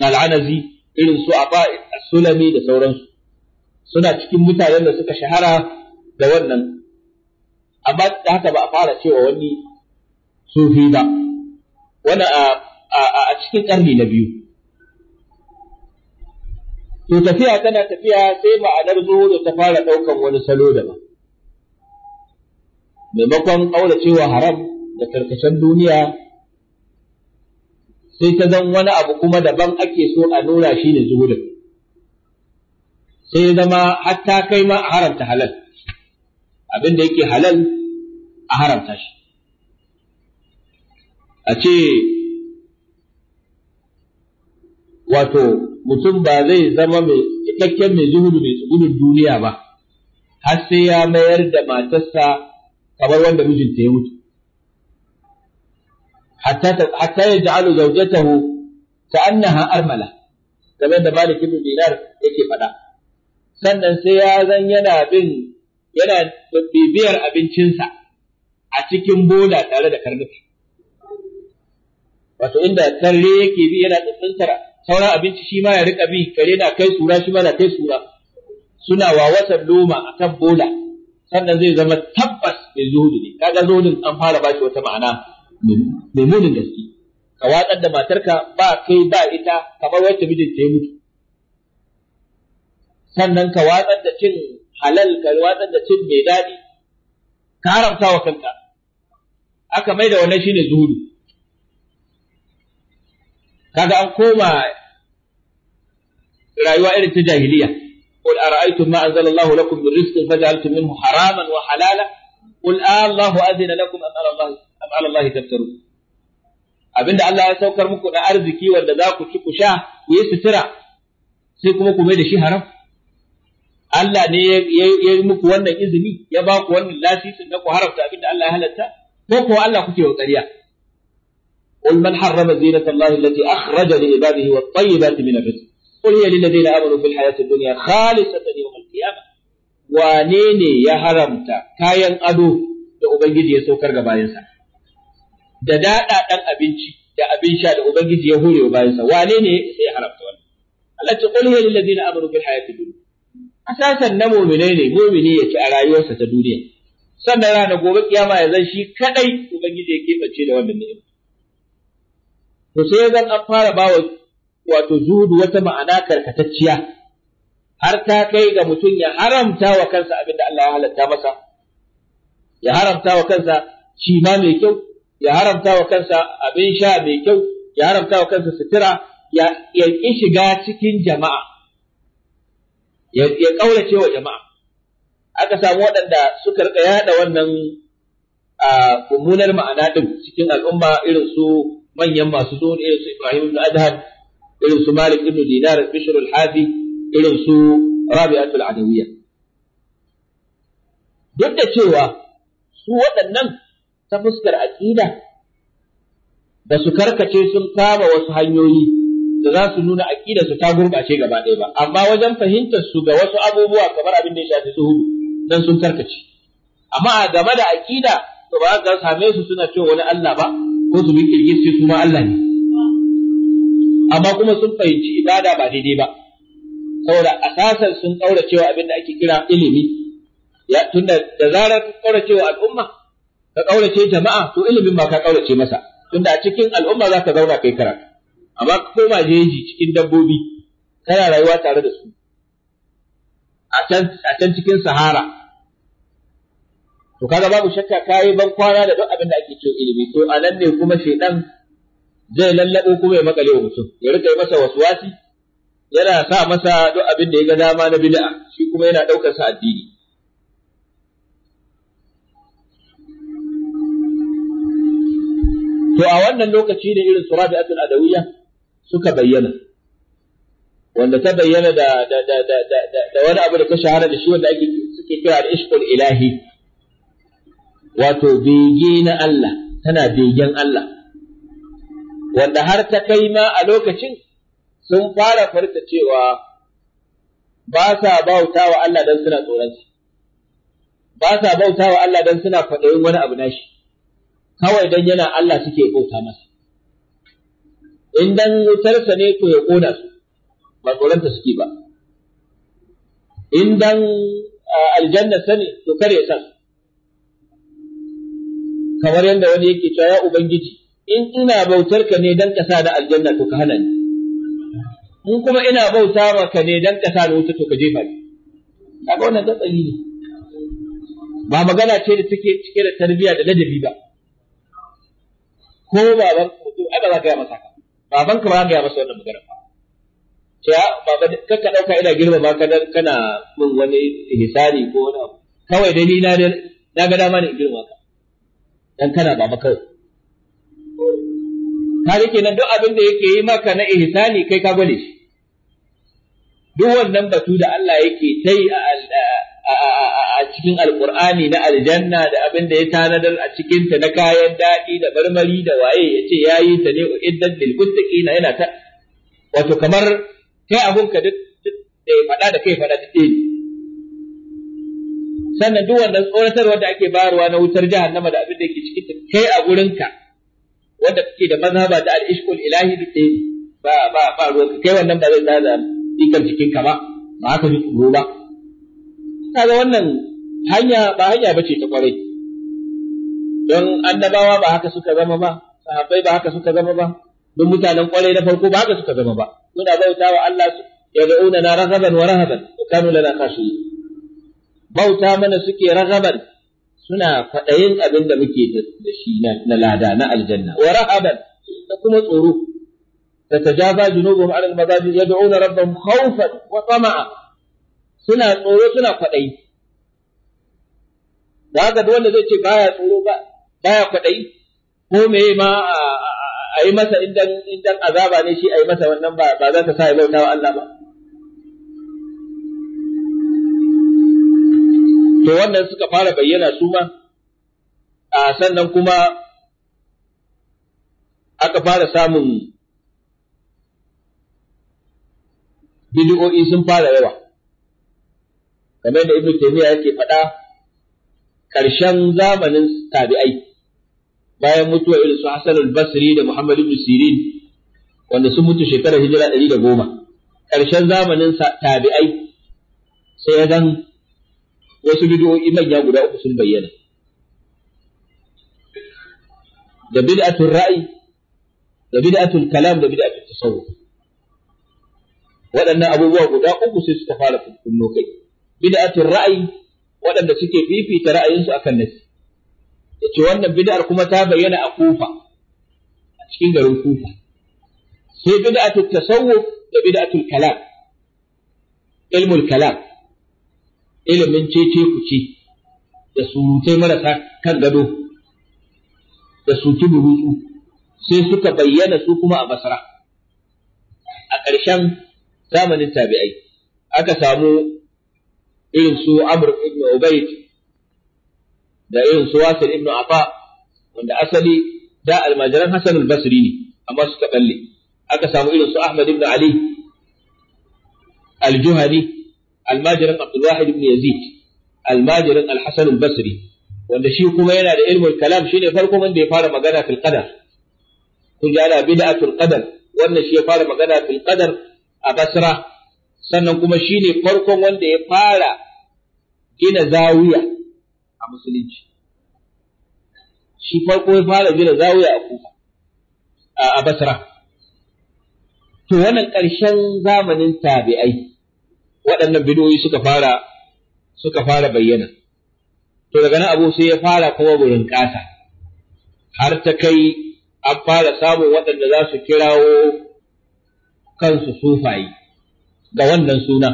al'anazi irin su a sulami da sauransu suna cikin mutanen da suka shahara da wannan amma da haka ba a fara cewa wani sufi ba wani a cikin ƙarni na biyu to tafiya tana tafiya sai ma'anar da ta fara ɗaukan wani salo da ba maimakon ƙauracewa haram da karkashen duniya sai ta zan wani abu kuma daban ake so a nuna shi ne zuhudin sai zama hatta kai ma a haramta halal abin da yake halal a haramta shi a ce wato mutum ba zai zama mai cikakken mai zuhudu mai tsugudun duniya ba har sai ya mayar da matarsa kamar wanda mijinta ya mutu hatta hatta yaj'alu zawjatahu ka'annaha armala kamar da Malik ibn Dinar yake faɗa sannan sai ya zan yana bin yana bibiyar abincinsa a cikin bola tare da karnuka wato inda kare yake bi yana tsuntsuntar sauran abinci shi ma ya rika bi kare na kai sura shi ma kai sura suna wawasar loma akan bola sannan zai zama tabbas mai zuhudu ne kaga zuhudin an fara bashi wata ma'ana mai munin gaske ka watsar da matarka ba kai ba ita kamar wacce mijinta ya mutu sannan ka watsar da cin halal ka watsar da cin mai daɗi ka haramta wa kanka aka mai da wannan shine zuhudu kaga an koma rayuwa irin ta jahiliya قل أرأيتم ما أنزل الله لكم من رزق فجعلتم منه حراما وحلالا قل آه الله أذن لكم أم أرى الله am ala Allah abinda Allah ya saukar muku da arziki wanda za ku ci ku sha ku yi sutura sai kuma ku mai da shi haram Allah ne ya yi muku wannan izini ya ba ku wannan lasisin na ku haramta abinda Allah ya halatta ko kuwa Allah kuke wa ƙarya قل من حرم زينة الله التي أخرج لعباده والطيبات من الرزق قل هي للذين آمنوا في الحياة الدنيا خالصة يوم القيامة wane ne ya haramta kayan ado da Ubangiji ya saukar bayansa? da daɗaɗan abinci da abin sha da ubangiji ya hore bayansa wane ne sai ya haramta wannan Allah ce qul lil ladina amanu bil hayati dunya asasan na mu'mine ne mu'mini ya ci a rayuwarsa ta duniya sannan ranar gobe kiyama ya zan shi kadai ubangiji ya kebace da wannan ne to sai zan an fara bawa wato zuhudu wata ma'ana karkatacciya har ta kai ga mutum ya haramta wa kansa abin da Allah ya halatta masa ya haramta wa kansa shi ma mai kyau ya haramta wa kansa abin sha mai kyau ya haramta wa kansa sutura ya ƙi shiga cikin jama'a ya ƙaurace wa jama'a aka samu waɗanda suka rika yaɗa wannan mummunar ma'ana ɗin cikin al'umma irin su manyan masu zuwa irin su Ibrahim ibn Adhan, irin su Malik ibn Dinar Bishr al hadi irin su Rabi'atul Adawiyya duk da cewa su waɗannan ta fuskar aƙida da su karkace sun kama wasu hanyoyi da za su nuna aƙida su ta gurɓace gaba ɗaya ba amma wajen fahimtar su ga wasu abubuwa kamar abin da ya shafi suhu dan sun karkace amma a game da aƙida to ba za same su suna cewa wani Allah ba ko su bi kirgis su kuma Allah ne amma kuma sun fahimci ibada ba daidai ba saboda asasan sun kaura cewa abin da ake kira ilimi ya tunda da zarar kaura cewa al'umma ka ƙaurace jama'a to ilimin ma ka ƙaurace masa tunda a cikin al'umma za ka zauna kai kara amma ka koma jeji cikin dabbobi kana rayuwa tare da su a can cikin sahara to kaga babu shakka kayi ban kwana da duk abin da ake cewa ilimi to a nan ne kuma shedan zai lallabo kuma ya makale wa mutum ya rika yi masa waswasi yana sa masa duk abin da ya ga dama na bid'a shi kuma yana daukar sa addini To a wannan lokaci ne irin su Rabi'atul Adawiyya suka bayyana. Wanda ta bayyana da da da da da, da, da wani abu da ta shahara da shi wanda ake suke kira al-ishqul ilahi. Wato bege na Allah, tana begen Allah. Wanda har ta kai ma a lokacin sun fara farta cewa ba sa bauta wa Allah don suna tsoronsa. Ba sa bauta wa Allah don suna faɗayin wani abu na shi. kawai dan yana Allah suke bauta masa in dan wutarsa ne to ya koda su ba koranta suke ba in dan aljanna sani to kare san kamar yadda wani yake cewa ya ubangiji in ina bautar ka ne dan kasa da aljanna to ka hana ni in kuma ina bauta maka ne dan kasa da wuta to ka jefa ni kaga wannan tsari ne ba magana ce da take cike da tarbiyya da ladabi ba ko baban mutum ai ba za ka yi masa baban ka ba za ka yi masa wannan magana ba ya baba kar ka dauka ina girma ba ka kana min wani ihsani ko wani abu kawai dai ni na na ga dama ne girma ka dan kana baba kawai kare kenan duk abin da yake yi maka na ihsani kai ka gwale shi duk wannan batu da Allah yake tai a a cikin alkur'ani na aljanna da abin da ya tanadar a cikinta na kayan daɗi da marmari da waye ya ce ya yi ta ne iddan bilbuttaki na yana ta wato kamar kai abunka duk da ya faɗa da kai faɗa duk ne sannan duk wanda tsoratarwa da ake bayarwa na wutar jahannama da abin da yake ta kai a gurinka wanda kake da mazhaba da al-ishqul ilahi duk ba ba ba ruwa kai wannan ba zai ikan cikin ka ba ba haka ji ruwa ba kaga wannan hanya ba hanya bace ta kwarai don annabawa ba haka suka zama ba sahabbai ba haka suka zama ba don mutanen kwarai na farko ba haka suka zama ba muna bauta wa Allah ya yad'una na raghaban wa rahaban wa kanu lana khashiyin bauta mana suke raghaban suna faɗayin abin da muke da shi na lada na aljanna wa rahaban da kuma tsoro da تتجافى جنوبهم عن المضاجع يدعون ربهم خوفا وطمعا suna tsoro suna kwaɗayi da haka wanda zai ce baya tsoro ba baya kwaɗayi ko meye ma a yi masa idan azaba ne shi a yi masa wannan ba ba za ta sa ya bauta wa Allah ba to wannan suka fara bayyana su ma a sannan kuma aka fara samun bid'o'i sun fara yawa kamar da ibnu taymiya yake faɗa ƙarshen zamanin tabi'ai bayan mutuwa irin su Hassan al-Basri da Muhammad ibn Sirin wanda sun mutu shekarar hijira ɗari da goma ƙarshen zamanin tabi'ai sai ya zan wasu bid'o'i manya guda uku sun bayyana da bid'atul ra'i da bid'atul kalam da bid'atul tasawuf waɗannan abubuwa guda uku sai suka fara kunno kai bid'atul ra'ayi waɗanda suke fifita ra'ayinsu akan nasi yace wannan bid'ar kuma ta bayyana a Kufa a cikin garin Kufa sai bid'atul tasawuf da bid'atul kalam ilmul kalam ilimin cece kuce da surutai marasa kan gado da suki burutsu sai suka bayyana su kuma a Basra a ƙarshen zamanin tabi'ai aka samu irin su Amr ibn Ubayd da irin su Wasil ibn Afa wanda asali da almajiran Hassan al-Basri ne amma suka balle aka samu irin su Ahmad ibn Ali al-Juhani almajiran Abdul Wahid ibn Yazid almajiran al-Hasan al-Basri wanda shi kuma yana da ilmul kalam shine farko wanda ya fara magana fil qadar kun ji ana bid'atul qadar wannan shi ya fara magana fil qadar a Basra sannan kuma shi ne farkon wanda ya fara gina zawiya a musulunci shi farko ya fara gina zawiya a kufa a basra to wannan ƙarshen zamanin tabi'ai waɗannan bidoyi suka fara suka fara bayyana to daga nan abu sai ya fara kuma gurin ƙasa har ta kai an fara samun waɗanda za su kirawo kansu sufaye ga wannan suna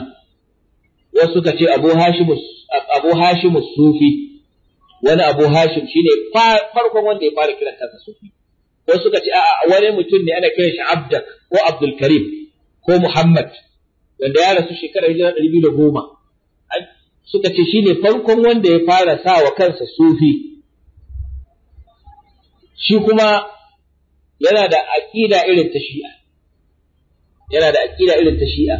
wasu suka ce abu hashimus abu hashim sufi wani abu hashim shine farkon wanda ya fara kiran kansa sufi ko suka ce a'a wani mutum ne ana kiran shi abdak ko abdul karim ko muhammad wanda ya rasu shekarar hijira ɗari biyu da goma suka ce shine farkon wanda ya fara sa wa kansa sufi shi kuma yana da aƙida irin ta shi'a yana da aƙida irin ta shi'a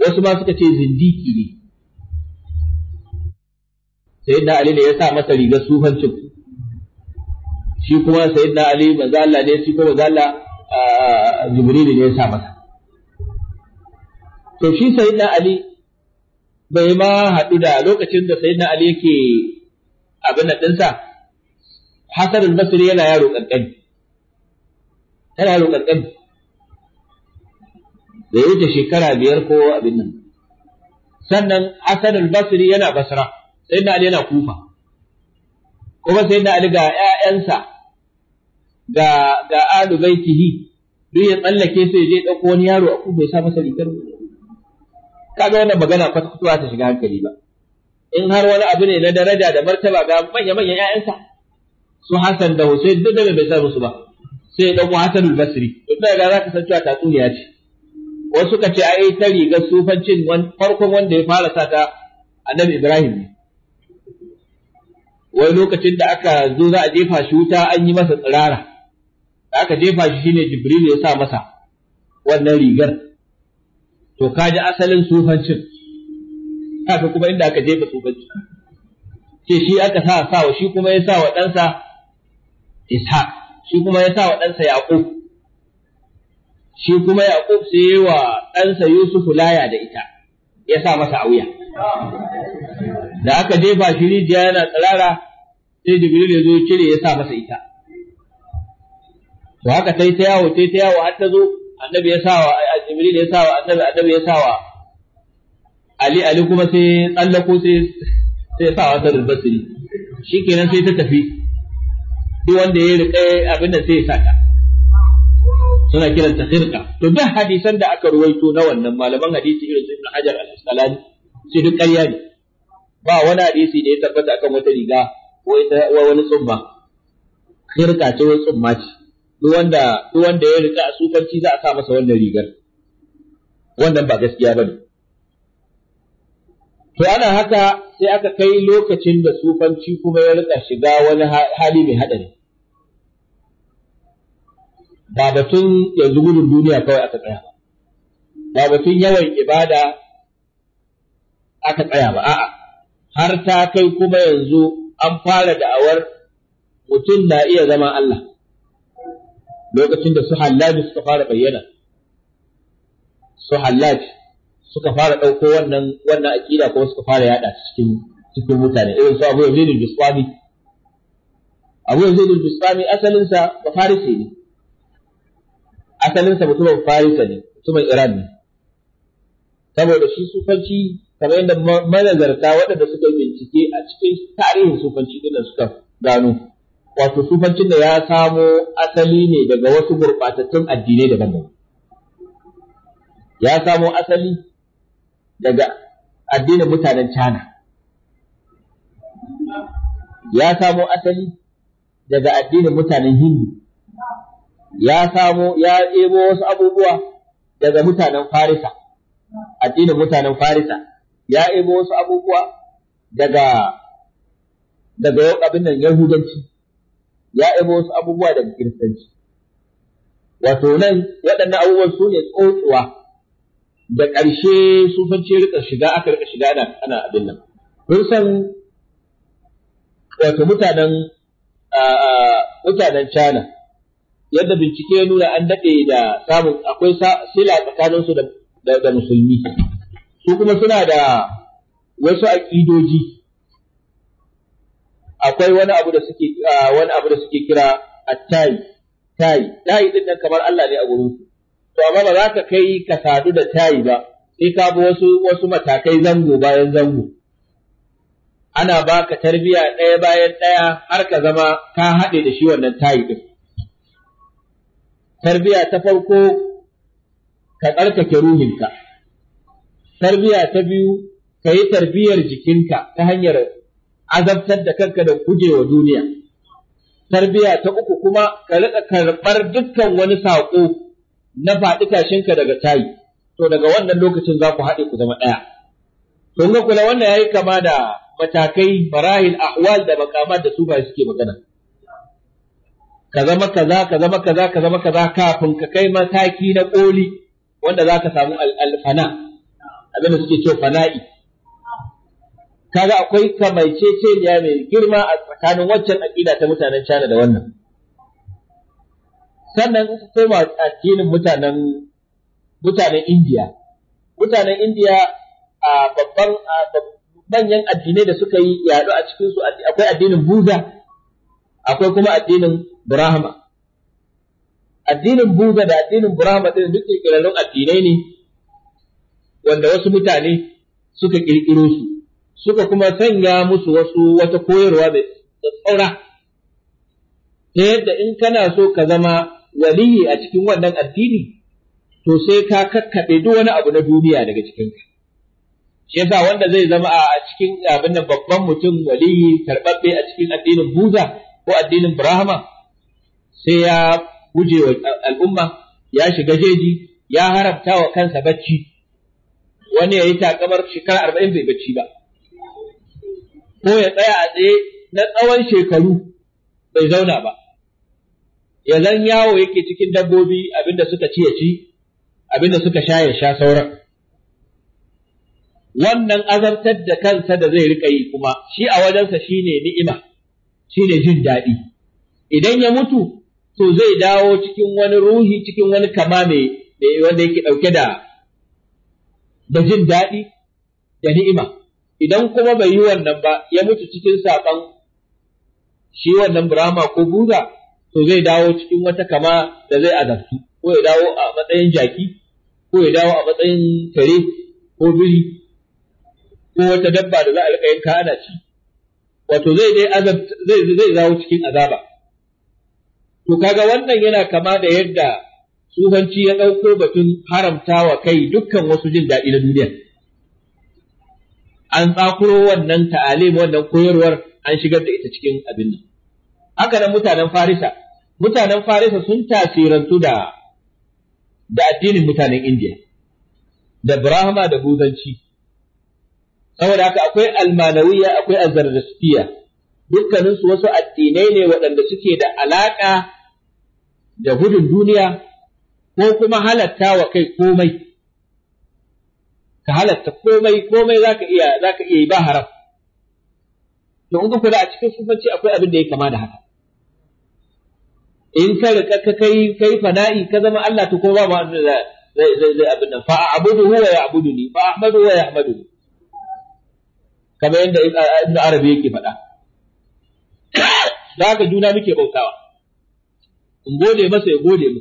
wasu ma suka ce zindiki ne sayyidina ali ne ya sa masa rigar sufancin shi kuma sayyidina ali manzo Allah ne shi kuma manzo Allah jibril ne ya sa masa to shi sayyidina ali bai ma haɗu da lokacin da sayyidina ali yake abin da ɗinsa Hassan al-Basri yana yaro kankani yana yaro kankani da wuce shekara biyar ko abin nan sannan Hassan al-Basri yana Basra sai na yana kufa kuma sai na ga 'ya'yansa, ga ga alu baitihi duk ya tsallake sai je dauko wani yaro a kufa ya sa masa rigar kaga wannan magana kusa ta shiga hankali ba in har wani abu ne na daraja da martaba ga manya manyan 'ya'yansa? su Hassan da Hussein duk da bai sa musu ba sai ya dauko hasan al-Basri duk da za ka san cewa tatsuniya ce wasu ka ce ai ta rigar sufancin farkon wanda ya fara sa ta Annabi Ibrahim ne wai lokacin da aka zo za a jefa shi wuta an yi masa tsirara da aka jefa shi shine jibril ya sa masa wannan rigar to ka ji asalin sufancin haka kuma inda aka jefa sufancin ce shi aka sa sawa shi kuma ya sa wa ɗansa ishaq shi kuma ya sa wa ɗansa yaƙub shi kuma yaƙub sai yi wa ɗansa yusuf laya da ita ya sa masa a wuya da aka jefa shi rijiya yana tsirara sai jibril ya zo cire ya sa masa ita to haka tai ta yawo tai ta yawo har ta zo annabi ya sa wa jibril ya sa wa annabi annabi ya sa wa ali ali kuma sai tsallako sai sai ya sa wa sarul basri shikenan sai ta tafi duk wanda ya rike abin da sai ya saka suna ta khirqa to duk hadisan da aka ruwaito na wannan malaman hadisi irin su Ibn Hajar al-Asqalani sai duk ƙarya ne ba wani hadisi da ya tabbata akan wata riga ko ita wani tsumma kirka ce wani tsumma ce duk wanda duk wanda ya rika a sufanci za a sa masa wannan rigar wannan ba gaskiya bane to ana haka sai aka kai lokacin da sufanci kuma ya rika shiga wani hali mai hadari ba batun yanzu gudun duniya kawai aka tsaya ba batun yawan ibada aka tsaya ba a'a har ta kai kuma yanzu an fara da'awar mutum na iya zama Allah lokacin da su hallaji suka fara bayyana su hallaji suka fara ɗauko wannan wannan aƙida ko suka fara yaɗa cikin cikin mutane irin su Abu yanzu al-Bistami Abu yanzu al-Bistami asalin sa Farisi ne asalin sa mutumin Farisa ne mutumin Iran ne saboda shi sufanci kamar yadda manazarta waɗanda suka yi bincike a cikin tarihin sufanci da suka gano wato sufancin da ya samo asali ne daga wasu gurɓatattun addinai daban-daban ya samo asali daga addinin mutanen China ya samo asali daga addinin mutanen Hindu ya samo ya ɗebo wasu abubuwa daga mutanen Farisa addinin mutanen Farisa ya ebo wasu abubuwa daga daga abin nan yahudanci ya ebo wasu abubuwa daga kiristanci wato nan waɗannan abubuwan su ne tsotsuwa da ƙarshe sufanci rika shiga aka rika shiga ana ana abin nan kun san wato mutanen mutanen China yadda bincike ya nuna an daɗe da samun akwai sila tsakaninsu da musulmi su kuma suna da wasu aƙidoji akwai wani abu da suke wani abu da suke kira attai tai tai din nan kamar Allah ne a gurin su to amma ba za ka kai ka sadu da tai ba sai ka bi wasu wasu matakai zango bayan zango ana baka tarbiyya ɗaya bayan ɗaya har ka zama ka haɗe da shi wannan tayi ɗin. Tarbiyya ta farko ka tsarkake ruhinka, tarbiya ta biyu ka yi tarbiyar jikinka ta hanyar azabtar da kanka da gujewa duniya tarbiya ta uku kuma ka riƙa karɓar dukkan wani saƙo na faɗi tashinka daga tayi to daga wannan lokacin za ku haɗe ku zama ɗaya to ga kula wannan ya yi kama da matakai marahil ahwal da makamar da su ba suke magana ka zama kaza ka zama kaza ka zama kaza kafin ka kai mataki na ƙoli wanda za ka samu alfana da suke ce fana'i kaga akwai kamaiceceniya mai girma a tsakanin waccan aƙida ta mutanen China da wannan sannan su koma addinin mutanen mutanen India mutanen India a babban manyan addinai da suka yi yaɗu a cikin su akwai addinin Buddha akwai kuma addinin Brahma addinin Buddha da addinin Brahma din duk kirkirarrun addinai ne wanda wasu mutane suka ƙirƙiro su suka kuma sanya musu wasu wata koyarwa mai tsaura ta yadda in kana so ka zama waliyi a cikin wannan addini to sai ka kakkaɓe duk wani abu na duniya daga cikinka shi yasa wanda zai zama a cikin abin nan babban mutum waliyi karɓaɓɓe a cikin addinin buza ko addinin brahma sai ya guje wa al'umma ya shiga jeji ya haramta wa kansa bacci wani ya yi takamar shekara arba'in bai bacci ba ko ya tsaya a tsaye na tsawon shekaru bai zauna ba ya zan yawo yake cikin dabbobi abinda suka ci ya ci abinda suka sha ya sha sauran wannan azabtar da kansa da zai riƙa yi kuma shi a wajensa shi ne ni'ima shi ne jin daɗi idan ya mutu to zai dawo cikin wani ruhi cikin wani kama mai wanda yake ɗauke da da jin daɗi da ni'ima idan kuma bai yi wannan ba ya mutu cikin saɓan shi wannan burama ko Buda to zai dawo cikin wata kama da zai azabtu ko ya dawo a matsayin jaki ko ya dawo a matsayin kare ko biri ko wata dabba da za a riƙa yanka ana ci wato zai dai azabta zai zai dawo cikin azaba to kaga wannan yana kama da yadda sufanci ya ɗauko batun haramta wa kai dukkan wasu jin daɗi na duniya. An tsakuro wannan ta'alim wannan koyarwar an shigar da ita cikin abin nan. Haka nan mutanen Farisa, mutanen Farisa sun tasirantu da da addinin mutanen Indiya, da Brahma da Buzanci. Saboda haka akwai almanawiya akwai azarrastiya dukkaninsu wasu addinai ne waɗanda suke da alaƙa da gudun duniya ko kuma halatta wa kai komai ka halatta komai komai zaka iya zaka iya yi ba haram to in kuka a cikin sufanci akwai abin da ya kama da haka in ka rika ka kai kai fana'i ka zama Allah to ko ba ma zai zai zai abin nan fa a'budu huwa ya'buduni fa ahmadu huwa ya'buduni kamar yadda Ibn Arabi yake faɗa da haka juna muke bautawa in gode masa ya gode mu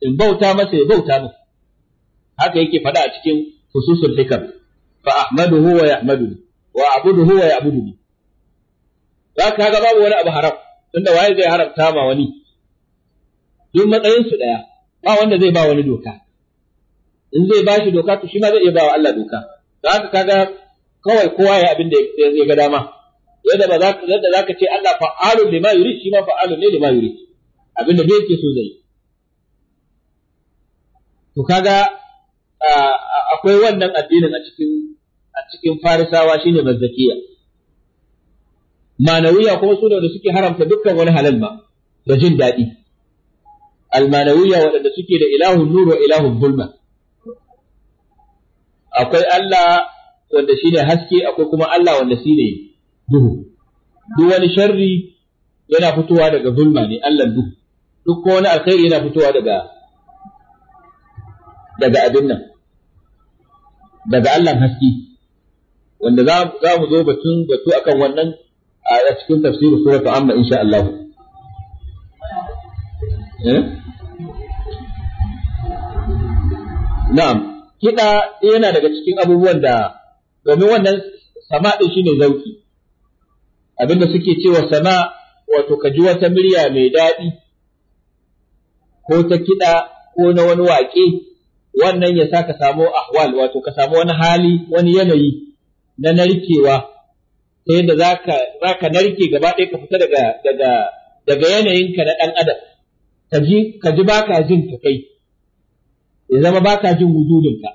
in bauta masa ya bauta masa. haka yake faɗa a cikin khususul hikam fa ahmaduhu wa yahmaduni wa abuduhu wa yabudu za ka ga babu wani abu haram tunda waye zai haramta ma wani duk matsayin su daya ba wanda zai ba wani doka in zai ba shi doka to shi ma zai iya ba wa Allah doka za ka kaga kawai kowa ya abin da ya ga dama yadda ba za ka yadda za ka ce Allah fa'alu lima yurid shi ma fa'alu ne lima yurid abin da bai ke so zai to kaga akwai wannan addinin a cikin a cikin farisawa shine mazakiya, manawiya kuma su da suke haramta dukkan wani halal ma da jin daɗi almanawiya waɗanda suke da ilahun nur wa ilahun bulma akwai Allah wanda shine haske akwai kuma Allah wanda shine duhu duk wani sharri yana fitowa daga zulma ne Allah duhu duk wani alkhairi yana fitowa daga daga abin nan daga Allah haske wanda za mu zo batun batu akan wannan a cikin tafsirin suratu amma insha Allah eh? na'am kiɗa yana daga cikin abubuwan da domin wannan sama ɗin shine zauki abinda suke cewa sama wato ka ji wata murya mai daɗi ko ta kiɗa ko na wani waƙe wannan ya sa ka samu ahwal wato ka samu wani hali wani yanayi na narkewa ta yadda za ka narke gaba ɗaya ka fita daga daga daga yanayinka na ɗan adam ka ji ka baka jin ka kai ya zama baka jin wujudinka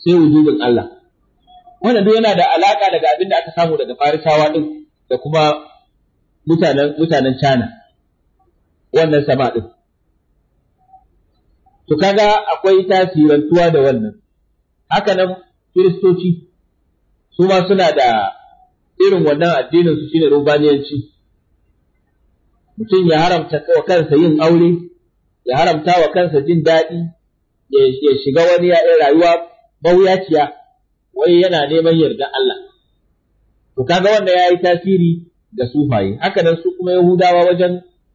sai wujudin Allah wannan duk yana da alaka daga abin da aka samu daga farisawa din da kuma mutanen mutanen China wannan sama din to kaga akwai tasirantuwa da wannan haka nan kiristoci su ma suna da irin wannan addinin su shine rubaniyanci mutum ya haramta wa kansa yin aure ya haramta wa kansa jin daɗi ya shiga wani ya rayuwa mawuyaciya wai yana neman yardan Allah to kaga wanda ya yi tasiri da sufaye haka nan su kuma yahudawa wajen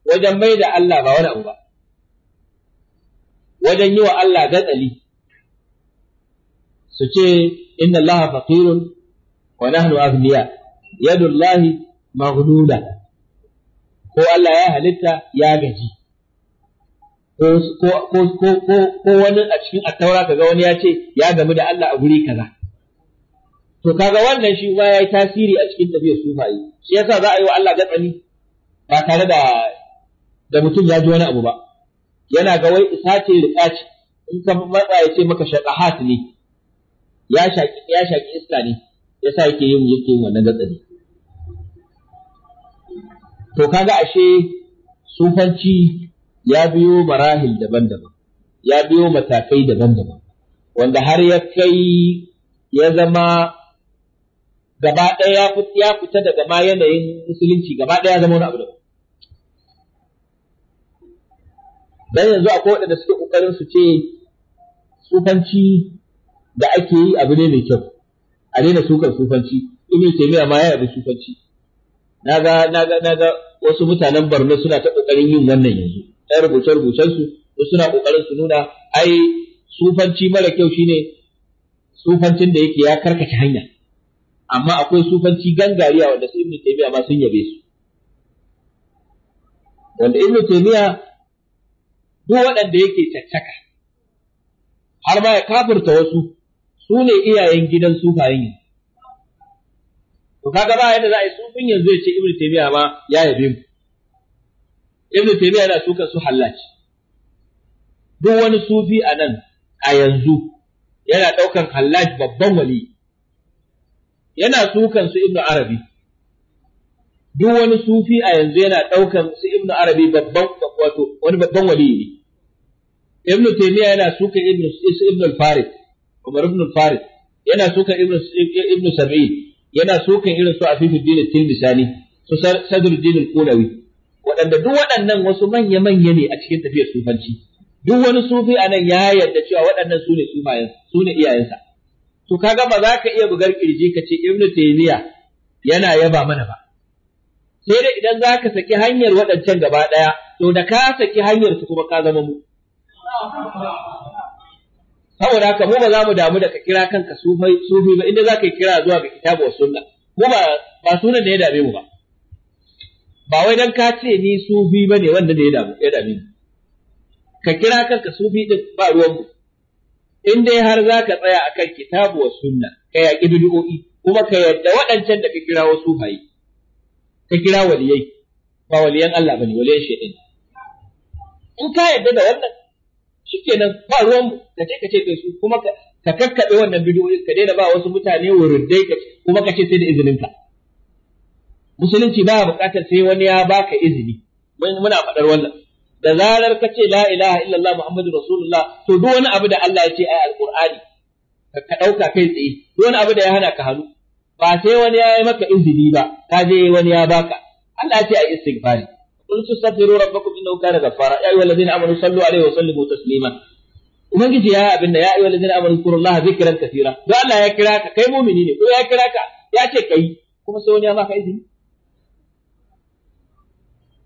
wajen mai da Allah ba wani abu ba wajen yi wa Allah gatsali su ce inna Allah faqirun wa nahnu aghniya yadu Allah maghluda ko Allah ya halitta ya gaji ko wani a cikin attaura kaga wani ya ce ya gamu da Allah a guri kaza to kaga wannan shi ma yi tasiri a cikin tafiyar sufayi shi yasa za a yi wa Allah gatsali ba tare da mutum ya ji wani abu ba yana ga wai isa ce riƙa ce in ka matsa ya ce maka shaqahat ne ya shaki ya shaki iska ne yasa yake yin yake yin wannan gatsari to kaga ashe sufanci ya biyo marahil daban-daban ya biyo matakai daban-daban wanda har ya kai ya zama gaba ɗaya ya fita daga ma yanayin musulunci gaba ɗaya ya zama wani abu daban dan yanzu akwai waɗanda suke ƙoƙarin su ce sufanci da ake yi abu ne mai kyau a daina sukar sufanci ibn taymiya ma ya yabi sufanci naga naga naga wasu mutanen Borno suna ta ƙoƙarin yin wannan yanzu ɗan rubuce rubucen su suna ƙoƙarin su nuna ai sufanci mara kyau shine sufancin da yake ya karkace hanya amma akwai sufanci gangariya wanda su ibn taymiya ma sun yabe su wanda ibn taymiya ko waɗanda yake caccaka har ma ya kafirta wasu su ne iyayen gidan sufayen yanzu to kaga ba yadda za a yi sufin yanzu ya ce Ibn taymiya ma ya yabe mu Ibn taymiya yana suka su hallaci duk wani sufi a nan a yanzu yana ɗaukan hallaci babban wali yana sukan su ibnu arabi duk wani sufi a yanzu yana ɗaukan su Ibn arabi babban wato wani babban wali ne ibn taymiya yana suka ibn ibn al-farid umar ibn al-farid yana suka ibn ibn sab'in yana suka irin su afifuddin al-tilmisani su sadruddin al-qulawi waɗanda duk wasu manya manya ne a cikin tafiyar sufanci duk wani sufi anan ya yarda cewa waɗannan su ne iyayensa to kaga ba za ka iya bugar kirji ka ce ibn taymiya yana yaba mana ba sai dai idan za ka saki hanyar waɗancan gaba ɗaya to da ka saki hanyar su kuma ka zama mu saboda haka mu ba za mu damu da ka kira kanka sufi ba inda za ka yi kira zuwa ga kitabu wa sunna mu ba sunan da ya dame mu ba ba wai dan ka ce ni sufi ba ne wanda da ya dame ya dame ni ka kira kanka sufi din ba ruwan mu in dai har za ka tsaya akan kitabu wa sunna ka yaƙi bid'o'i kuma ka yarda waɗancan da ka kira wa sufayi ka kira waliyai ba waliyan Allah bane waliyan shaytan in ka yarda da wannan shikenan ba ruwan mu ka ce ka ce da su kuma ka kakkabe wannan bidiyoyi ka daina ba wasu mutane wurin ka kuma ka ce sai da izinin ka musulunci ba ha-bukatar sai wani ya baka izini muna faɗar wannan da zarar ka ce la ilaha illallah muhammadu rasulullah to duk wani abu da Allah ya ce ai alqur'ani ka ɗauka kai tsaye duk wani abu da ya hana ka hannu ba sai wani ya yi maka izini ba ka je wani ya baka Allah ya ce ai istighfari in tustaghfiru rabbakum innahu kana ghaffara ya ayyuhal ladzina amanu sallu alaihi wa sallimu taslima ubangiji ya abinda ya ayyuhal ladzina amanu kurullaha zikran kathira don Allah ya kira ka kai mu'mini ne ko ya kira ka ya ce kai kuma sai wani ya maka izini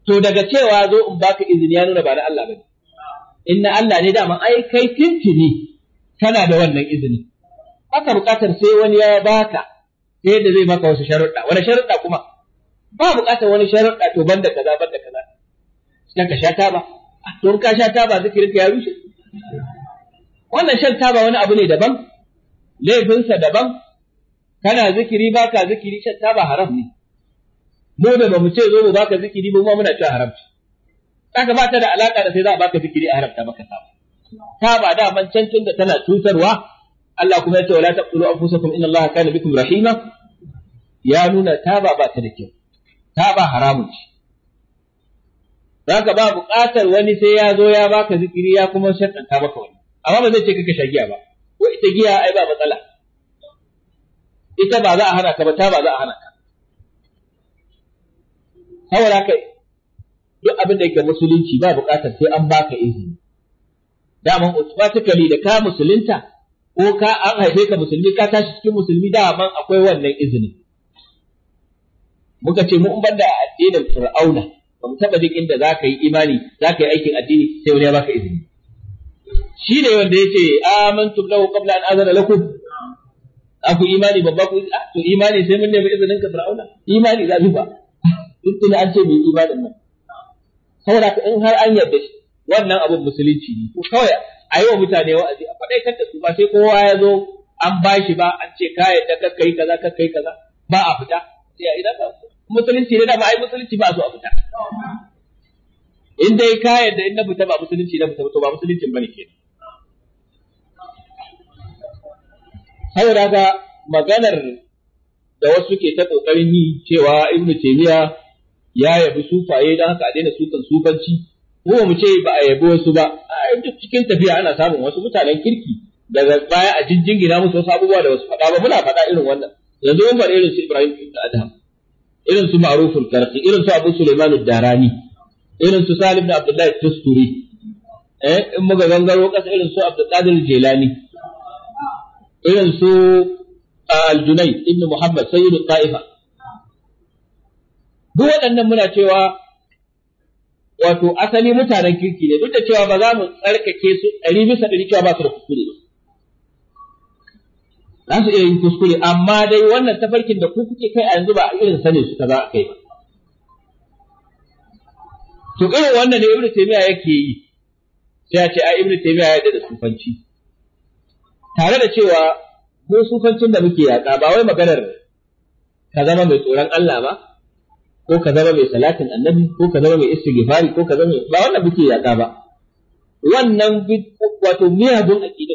to daga cewa zo in baka izini ya nuna ba da Allah bane inna Allah ne daman ai kai tintini kana da wannan izinin haka bukatar sai wani ya baka sai yadda zai maka wasu sharuɗa wani sharuɗa kuma ba bukatar wani sharuɗa to banda kaza banda kaza idan ka sha taba ah, to ka sha taba zikirin ka ya rushe wannan shan taba wani abu ne daban laifinsa daban kana zikiri baka zikiri shan taba haram ne mu da ba mu ce zo mu baka zikiri ba mu muna cewa haram ce kaga ba ta da alaka da sai za a baka zikiri a haramta maka taba taba da man can da tana cutarwa Allah kuma ya ce wala taqulu anfusakum inna Allaha kana bikum rahima ya nuna taba ba ta da kyau Ta ba haramun ce zaka ba buƙatar wani sai ya zo ya baka zikiri ya kuma shaddanta baka wani amma ba zai ce kaka sha giya ba ko ita giya ai ba matsala ita ba za a hana ka ba ta ba za a hana ka saboda kai duk abin da yake musulunci ba buƙatar sai an baka izini daman automatically da ka musulunta ko ka an haife ka musulmi ka tashi cikin musulmi daman akwai wannan izinin muka ce mu ban da addinin fir'auna ba mu taba jin inda za ka yi imani za ka yi aikin addini sai wani ya baka izini shi ne wanda ya ce amantu lahu qabla an azana lakum aku imani babba ku ah, to imani sai mun nemi izinin ka fir'auna imani za mu ba duk da an ce mu imanin nan saboda in har an yarda shi wannan abun musulunci ne ko kawai a yi wa mutane wa'azi a faɗaitar da su ba sai kowa ya zo an bashi ba an ce ka yarda kakkai kaza kakkai kaza ba a fita sai a idan ka musulunci ne da ba ai musulunci ba zo a fita in dai ka yadda in na fita ba musulunci na fita to ba musulunci bane ke saboda ga maganar da wasu ke ta kokarin yi cewa ibnu taymiya ya yabi sufaye don haka a daina sukan sufanci ko mu ce ba a yabi wasu ba a duk cikin tafiya ana samun wasu mutanen kirki daga baya a jinjingina musu wasu abubuwa da wasu faɗa ba muna faɗa irin wannan yanzu mun faɗa irin su Ibrahim da Adam irin su ma'ruful karfi irin su abu suleiman darani irin su salim da abdullahi tusturi eh in muka gangaro kasa irin su abdul qadir jilani irin su al-junay ibn muhammad sayyidul qaifa duk waɗannan muna cewa wato asali mutanen kirki ne duk da cewa ba za mu tsarkake su ɗari bisa ɗari cewa ba su da kuskure ba za su iya yin kuskure amma dai wannan tafarkin da ku kuke kai a yanzu ba a irin sane su ta za a kai to irin wannan ne ibnu taymiya yake yi sai a ce a ibnu taymiya ya da sufanci tare da cewa ko sufancin da muke yaƙa ba wai maganar ka zama mai tsoron Allah ba ko ka zama mai salatin annabi ko ka zama mai istighfari ko ka zama ba wannan muke yaƙa ba wannan wato miyagun aqida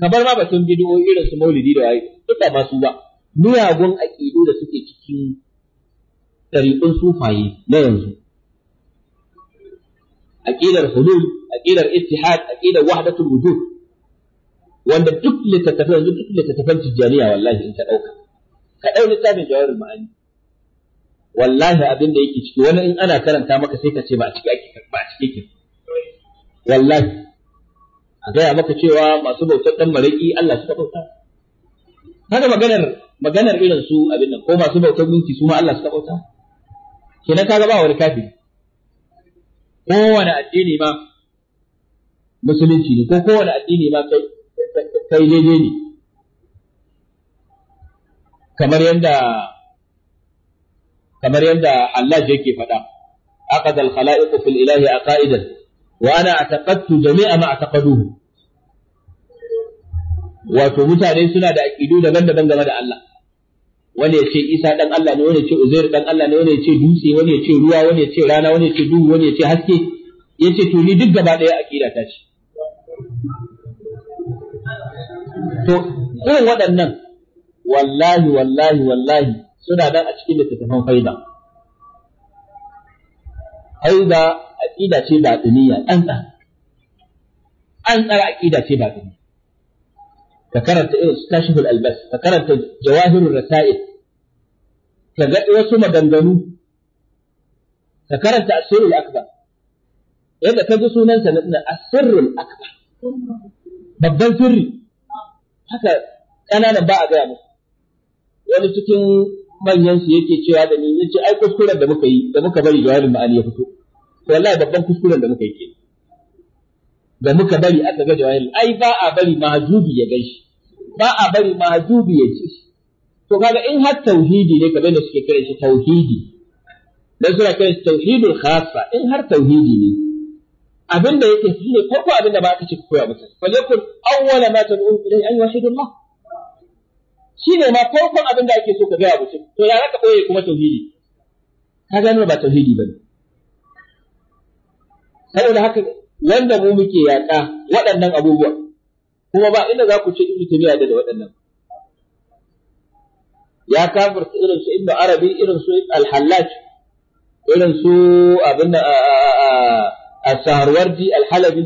kamar ma batun bidiyo irin su maulidi da waye duk ba su ba miyagun aƙidu da suke cikin ɗariƙun sufaye na yanzu aƙidar hulul aƙidar ittihad aƙidar wahdatul wujud wanda duk littattafan yanzu duk littattafan tijjaniya wallahi in ta ɗauka ka ɗau littafin jawahirul ma'ani wallahi abin da yake ciki wani in ana karanta maka sai ka ce ba a ciki ake ba a ciki wallahi a gaya maka cewa masu bautar dan maraki Allah suka bauta Kada maganar maganar irin su abin nan ko masu bautar gunki su ma Allah suka bauta kenan kaga ba wani kafiri kowane addini ma musulunci ne ko kowane addini ma kai kai daidai ne kamar yadda kamar yadda Allah yake faɗa aqad al khalaiq fil ilahi aqaidan wa اعتقدت جميع ما اعتقدوه ataqaduhu wato mutane suna da aƙidu daban-daban game da Allah wani ya ce Isa dan Allah ne wani ya ce Uzair dan Allah ne wani ya ce dutse wani ya ce ruwa wani ya ce rana wani ya ce duhu wani ya ce haske ya ce to ni duk gaba daya aqida ta ce to irin waɗannan wallahi wallahi wallahi suna nan a cikin littattafan faida faida aqida ce batiniya tsantsa tsantsar aqida ce batiniya ka karanta istashhul albas ka karanta jawahirur rasail ka ga wasu maganganu ka karanta asirul akbar yadda ka ji sunan sunansa na asirul akbar babban sirri haka ƙananan ba a gaya musu wani cikin manyan su yake cewa da ni yace ai kuskuren da muka yi da muka bari jawabin ma'ani ya fito wallahi babban kuskuren da muka yi kenan da muka bari aka ga jawahir ai ba a bari mahjubi ya gaishe ba a bari mahjubi ya ci to kaga in har tauhidi ne kamar da suke kira shi tauhidi dan suna kira shi tauhidul khassa in har tauhidi ne abinda yake shi ne farko abinda ba ka ci koya musu falyakun awwala ma tad'u ilayhi an wahidullah shi ne ma farkon abinda ake so ka ga mutum to ya raka koyi kuma tauhidi kaga ne ba tauhidi bane saboda haka da mu muke yaƙa waɗannan abubuwa kuma ba inda za ku ce ibnu taymiya da waɗannan ya kafirta irin su ibnu arabi irin su al-hallaj irin su abin as-saharwardi al-halabi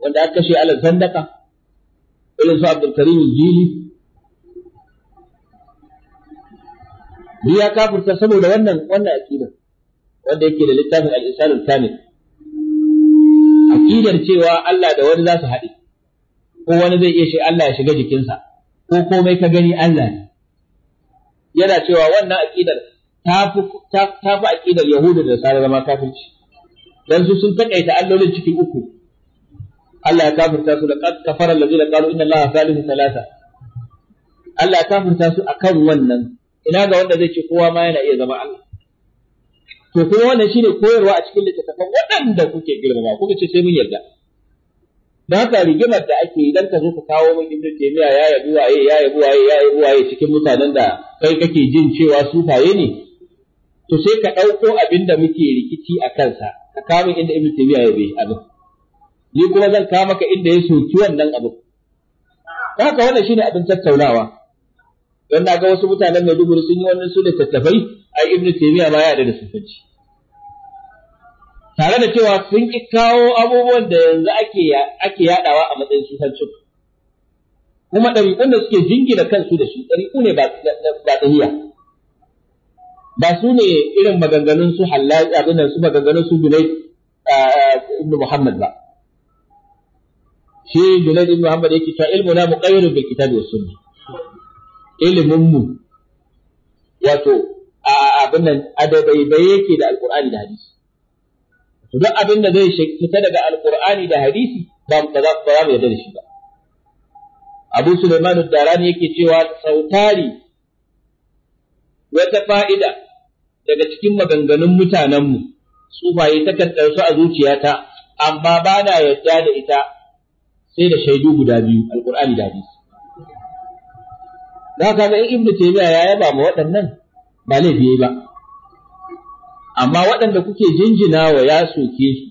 wanda aka kashe ala zandaka irin su abdul karim jili ya kafirta saboda wannan wannan aqida wanda yake da littafin al-islam al-kamil aqidar cewa Allah da wani za su haɗe ko wani zai iya shi Allah ya shiga jikinsa ko komai ka gani Allah ne yana cewa wannan aƙidar ta fi aƙidar fi Yahudu da Nasara zama kafirci don su sun takaita allolin cikin uku Allah ya kafirta su da kafara allazina qalu inna Allah salihu thalatha Allah ya kafirta su a kan wannan ina ga wanda zai ce kowa ma yana iya zama Allah to kuma wannan shine koyarwa a cikin littattafan waɗanda kuke girmama kuka ce sai mun yarda da haka rigimar da ake yi dan ka zo ka kawo min ibnu taymiya ya yabi waye ya yabi waye ya yabi waye cikin mutanen da kai kake jin cewa su faye ne to sai ka ɗauko abin da muke rikici a kansa ka kawo inda ibnu taymiya ya bai abin ni kuma zan kawo maka inda ya soki wannan abin haka wannan shine abin tattaunawa don na ga wasu mutanen Maiduguri sun yi wannan su tattafai ai ibnu taymiya ba ya da sufanci tare da cewa sun ki kawo abubuwan da yanzu ake ake yadawa a matsayin sufanci kuma ɗariƙun da suke jingina kansu da shi ɗariƙu ne ba tsahiya ba su ne irin maganganun su hallaji abin su maganganun su Junaid ibn Muhammad ba shi Junaid ibn Muhammad yake cewa ilmu na muqayyirun bil kitabi was sunnah ilmin mu wato abin nan adabai-bai yake da alqur'ani da hadisi to duk abin da zai fita daga alqur'ani da hadisi ba ba za ba mu yarda da shi ba Abu Sulaiman ad-Darani yake cewa sautari wata fa'ida daga cikin maganganun mutanenmu tsufaye ta su a zuciyata amma ba na yarda da ita sai da shaidu guda biyu alqur'ani da hadisi Na haka in ibnu taymiya ya yaba ma waɗannan ba laifi yayi ba amma waɗanda kuke jinjina wa ya soke su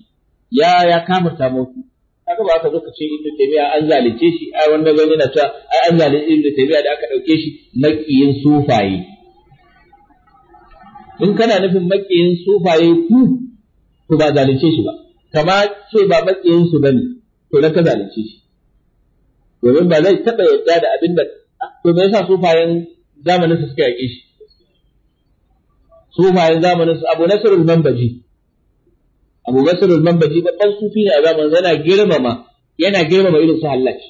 ya ya kamata mutu. haka ba aka zo ka ce ibnu taymiya an zalunce shi ai wanda gani na ta ai an zalunce ibnu taymiya da aka dauke shi makiyin sufaye in kana nufin makiyin sufaye ku to ba zalunce shi ba kama ce ba makiyin su bane to na ka zalunce shi domin ba zai taɓa yadda da abin da to me yasa sufayen zamanin su suka yaƙe shi sufayen zamanin su Abu Nasr al-Manbaji Abu Nasr al-Manbaji babban sufi ne a zamanin yana girmama yana girmama irin su Hallaj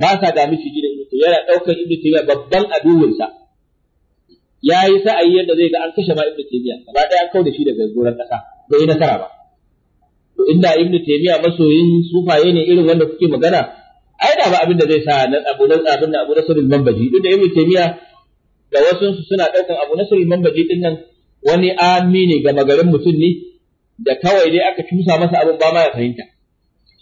ba sa da miki gidan Ibn yana daukar Ibn Taymiyyah babban aduwin sa yayi sa'ayi yadda zai ga an kashe ma Ibn Taymiyyah gaba daya an kauda shi daga gurin kasa bai yi nasara ba to inda Ibn Taymiyyah masoyin sufaye ne irin wanda kuke magana ai da ba abin da zai sa na Abu Nasr abin da Abu Nasr al-Manbaji duk da Ibn Taymiyyah da wasu suna ɗaukan abu nasrul mambaji din nan wani ami ne gama garin mutum ne da kawai dai aka cusa masa abin ba ma ya fahimta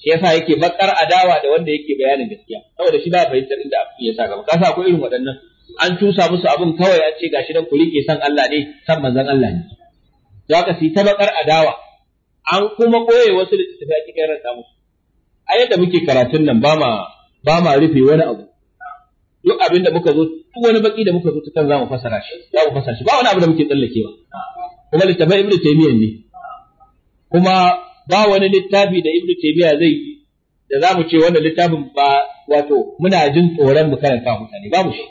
shi yasa yake bakar adawa da wanda yake bayanin gaskiya saboda shi ba fahimtar inda abu ya sa ka sa akwai irin waɗannan an cusa musu abin kawai an ce gashi dan ku ke san Allah ne san manzon Allah ne za ka ta bakar adawa an kuma koye wasu littattafai a cikin ranta musu a yadda muke karatun nan ba ma ba ma rufe wani abu duk abin da muka zo duk wani baki da muka zo ta kan zamu fasara shi zamu fasara shi ba wani abu da muke tsallakewa kuma littafin ibnu taymiya ne kuma ba wani littafi da ibnu taymiya zai da zamu ce wannan littafin ba wato muna jin tsoron mu karanta mutane babu shi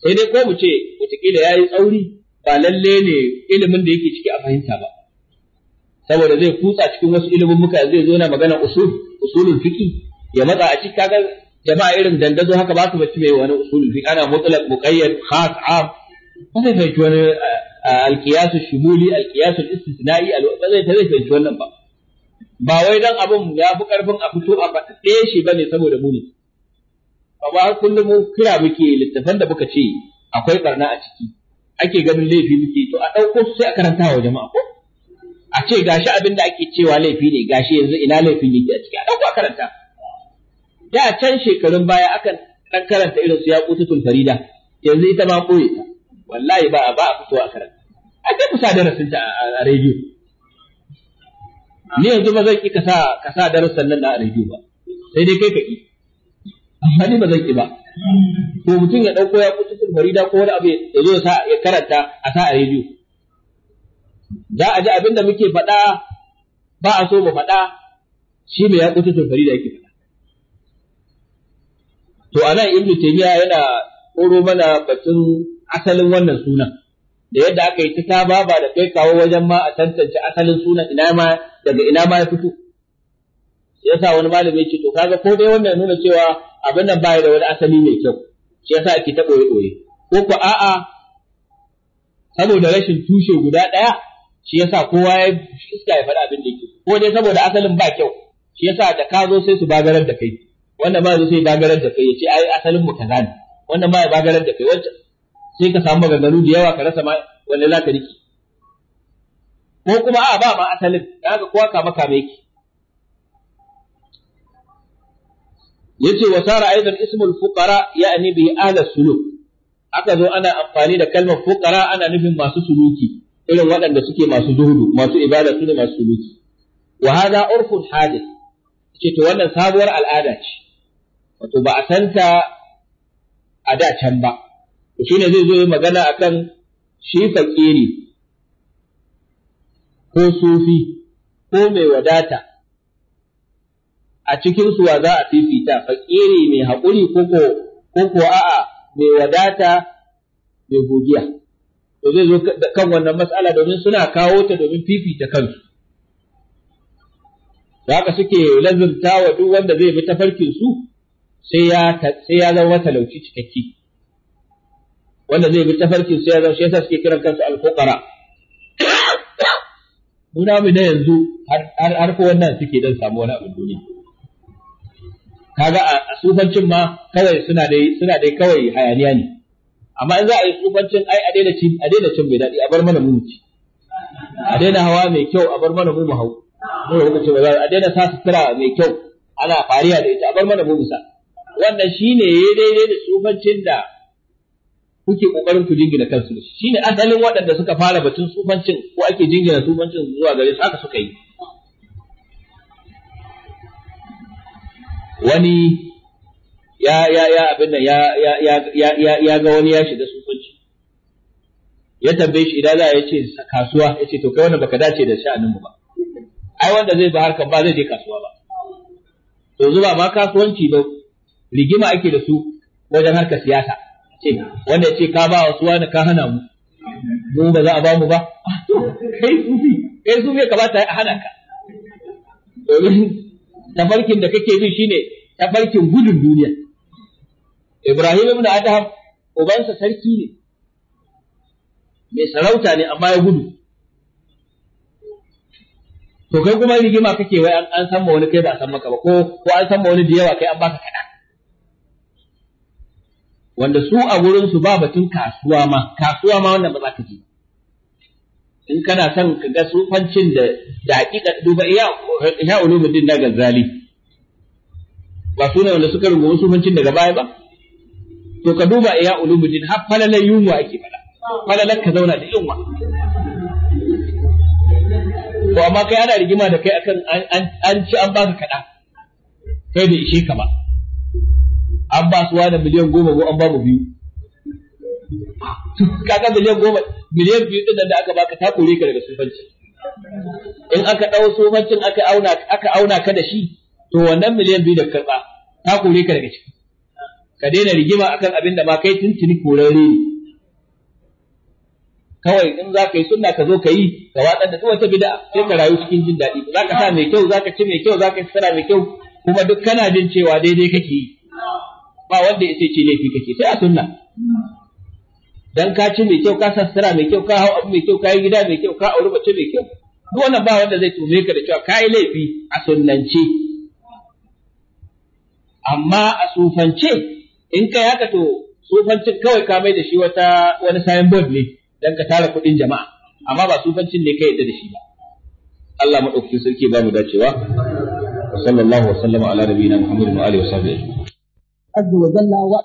sai dai ko mu ce wataƙila ya yi tsauri ba lalle ne ilimin da yake ciki a fahimta ba saboda zai kutsa cikin wasu ilimin muka zai zo na magana usul usulun fiki ya matsa a cikin kaga jama'a irin dandazo haka ba su mace mai wani usulul fi ana mutlaq muqayyad khas am ba zai fahimci wani alqiyas shumuli alqiyas istisna'i ba zai tare fahimci wannan ba ba wai dan abin ya fi karfin a fito a faɗe shi bane saboda muni ba kullum kira muke littafan da muka ce akwai barna a ciki ake ganin laifi muke to a ɗauko su sai a karanta wa jama'a ko a ce gashi abin da ake cewa laifi ne gashi yanzu ina laifin yake a ciki a ɗauko a karanta da can shekarun baya akan dan karanta irin su yaqutul farida yanzu ita ma koyi ta wallahi ba ba a fito a karanta a ce ku sa darasin ta a rediyo ni yanzu ba zan ki ka sa ka sa darasin nan da a rediyo ba sai dai kai ka ki amma ni ba zan ki ba to mutum ya dauko yaqutatul farida ko wani abu ya zo sa ya karanta a sa a rediyo za a ji abinda muke faɗa ba a so mu faɗa shi mai yaqutatul farida yake faɗa to anan ibn taymiya yana koro mana batun asalin wannan sunan da yadda aka yi ta ba ba da kai kawo wajen ma a tantance asalin sunan ina ma daga ina ma ya fito yasa wani malami ya ce to kaga ko dai wannan nuna cewa abin nan baya da wani asali mai kyau shi yasa ake ta boye boye ko ko a'a saboda rashin tushe guda daya shi yasa kowa ya iska ya faɗa abin da yake ko dai saboda asalin ba kyau shi yasa da ka zo sai su bagarar da kai wannan ba zai bagarar da kai ya ce ai asalin mu kaza ne wannan ba ya bagarar da kai wancan sai ka samu maganganu da yawa ka rasa ma wanda za ka riki ko kuma a ba ma asalin kaga kowa ka maka mai ki yace wa sara aidan ismul fuqara ya'ni bi ahli suluk aka zo ana amfani da kalmar fuqara ana nufin masu suluki irin waɗanda suke masu zuhudu masu ibada su ne masu suluki wa hada urfun hadith ce to wannan sabuwar al'ada ce wato ba a santa a da can ba shi ne zai zo yi magana kan shi fakiri
ko sufi
ko mai wadata a cikin suwa za a fifita fakiri mai haƙuri ko ko a'a mai wadata mai godiya to zai zo kan wannan matsala domin suna kawo ta domin fifita kansu da haka suke lazimta wa duk wanda zai bi tafarkin su sai ya sai ya zama matalauci cikakke wanda zai bi tafarkin sai ya zama shi yasa suke kiran kansu al-fuqara Nuna mu na yanzu har ko wannan suke dan samu wani abu duniya. Kaga a sufancin ma kawai suna dai suna dai kawai hayaniya ne. Amma in za a yi sufancin ai a daina cin a daina cin mai daɗi a bar mana mu ci.
A daina hawa
mai kyau a bar mana mu mu hau. Mu hukunci ba a daina sa sutura mai kyau ana fariya da ita a bar mana mu mu sa. wannan ne ya daidai da tsufancin da kuke ƙoƙarin ku jingina kansu da shi ne asalin waɗanda suka fara batun tsufancin ko ake jingina tsufancin zuwa gare su haka suka yi wani ya ya ya abin nan ya ya ya ga wani ya shiga tsufanci ya tambaye shi idan za ya ce kasuwa ya ce to kai wannan baka dace da sha'anin mu ba ai wanda zai ba harkan ba zai je kasuwa ba to zuba ma kasuwanci ba rigima ake da su wajen harkar siyasa ce wanda ce ka ba wasu wani ka hana mu mu ba za a ba mu ba
ah, kai
sufi kai sufi ya kamata a hana ka domin tafarkin da kake bi shine tafarkin gudun duniya Ibrahim ibn Adham ubansa sarki ne mai sarauta ne amma ya gudu to kai kuma rigima kake wai an san ma wani kai ba a san maka ba ko ko an san ma wani da yawa kai an baka kaɗan wanda su a wurinsu ba batun kasuwa ma kasuwa ma wannan ba za ka je in kana son ka ga sufancin da da duba iya ya din na gazali ba su ne wanda suka rungumi sufancin daga baya ba to ka duba iya din har falalan yunwa ake fada falalan ka zauna da yunwa ko amma kai ana rigima da kai akan an ci an baka kada kai da ishe ka ba an ba su wani miliyan goma ko an ba mu biyu kaga miliyan goma miliyan biyu din da aka baka ta kore ka daga sufanci in aka dau sufancin aka auna aka auna ka da shi to wannan miliyan biyu da karba ta kore ka daga ciki ka daina rigima akan abin da ba kai tuntuni korarre ne kawai in za ka yi sunna ka zo ka yi ka watsar da wata bid'a sai ka rayu cikin jin daɗi za ka sa mai kyau za ka ci mai kyau za ka yi sana mai kyau kuma duk kana jin cewa daidai kake yi ba wanda ya ce laifi kake sai a sunna dan ka ci mai kyau ka sassara mai kyau ka hau abu mai kyau ka yi gida mai kyau ka auri mace mai kyau duk wannan ba wanda zai tume ka da cewa ka yi laifi a sunnance amma a sufance in kai haka to sufancin kawai ka mai da shi wata wani sayan board ne dan ka tara kuɗin jama'a amma ba sufancin ne ka yadda da shi ba Allah madaukakin sarki ba mu dacewa wa sallallahu wa sallama ala nabiyina Muhammadin wa alihi wa sahbihi عز
وجل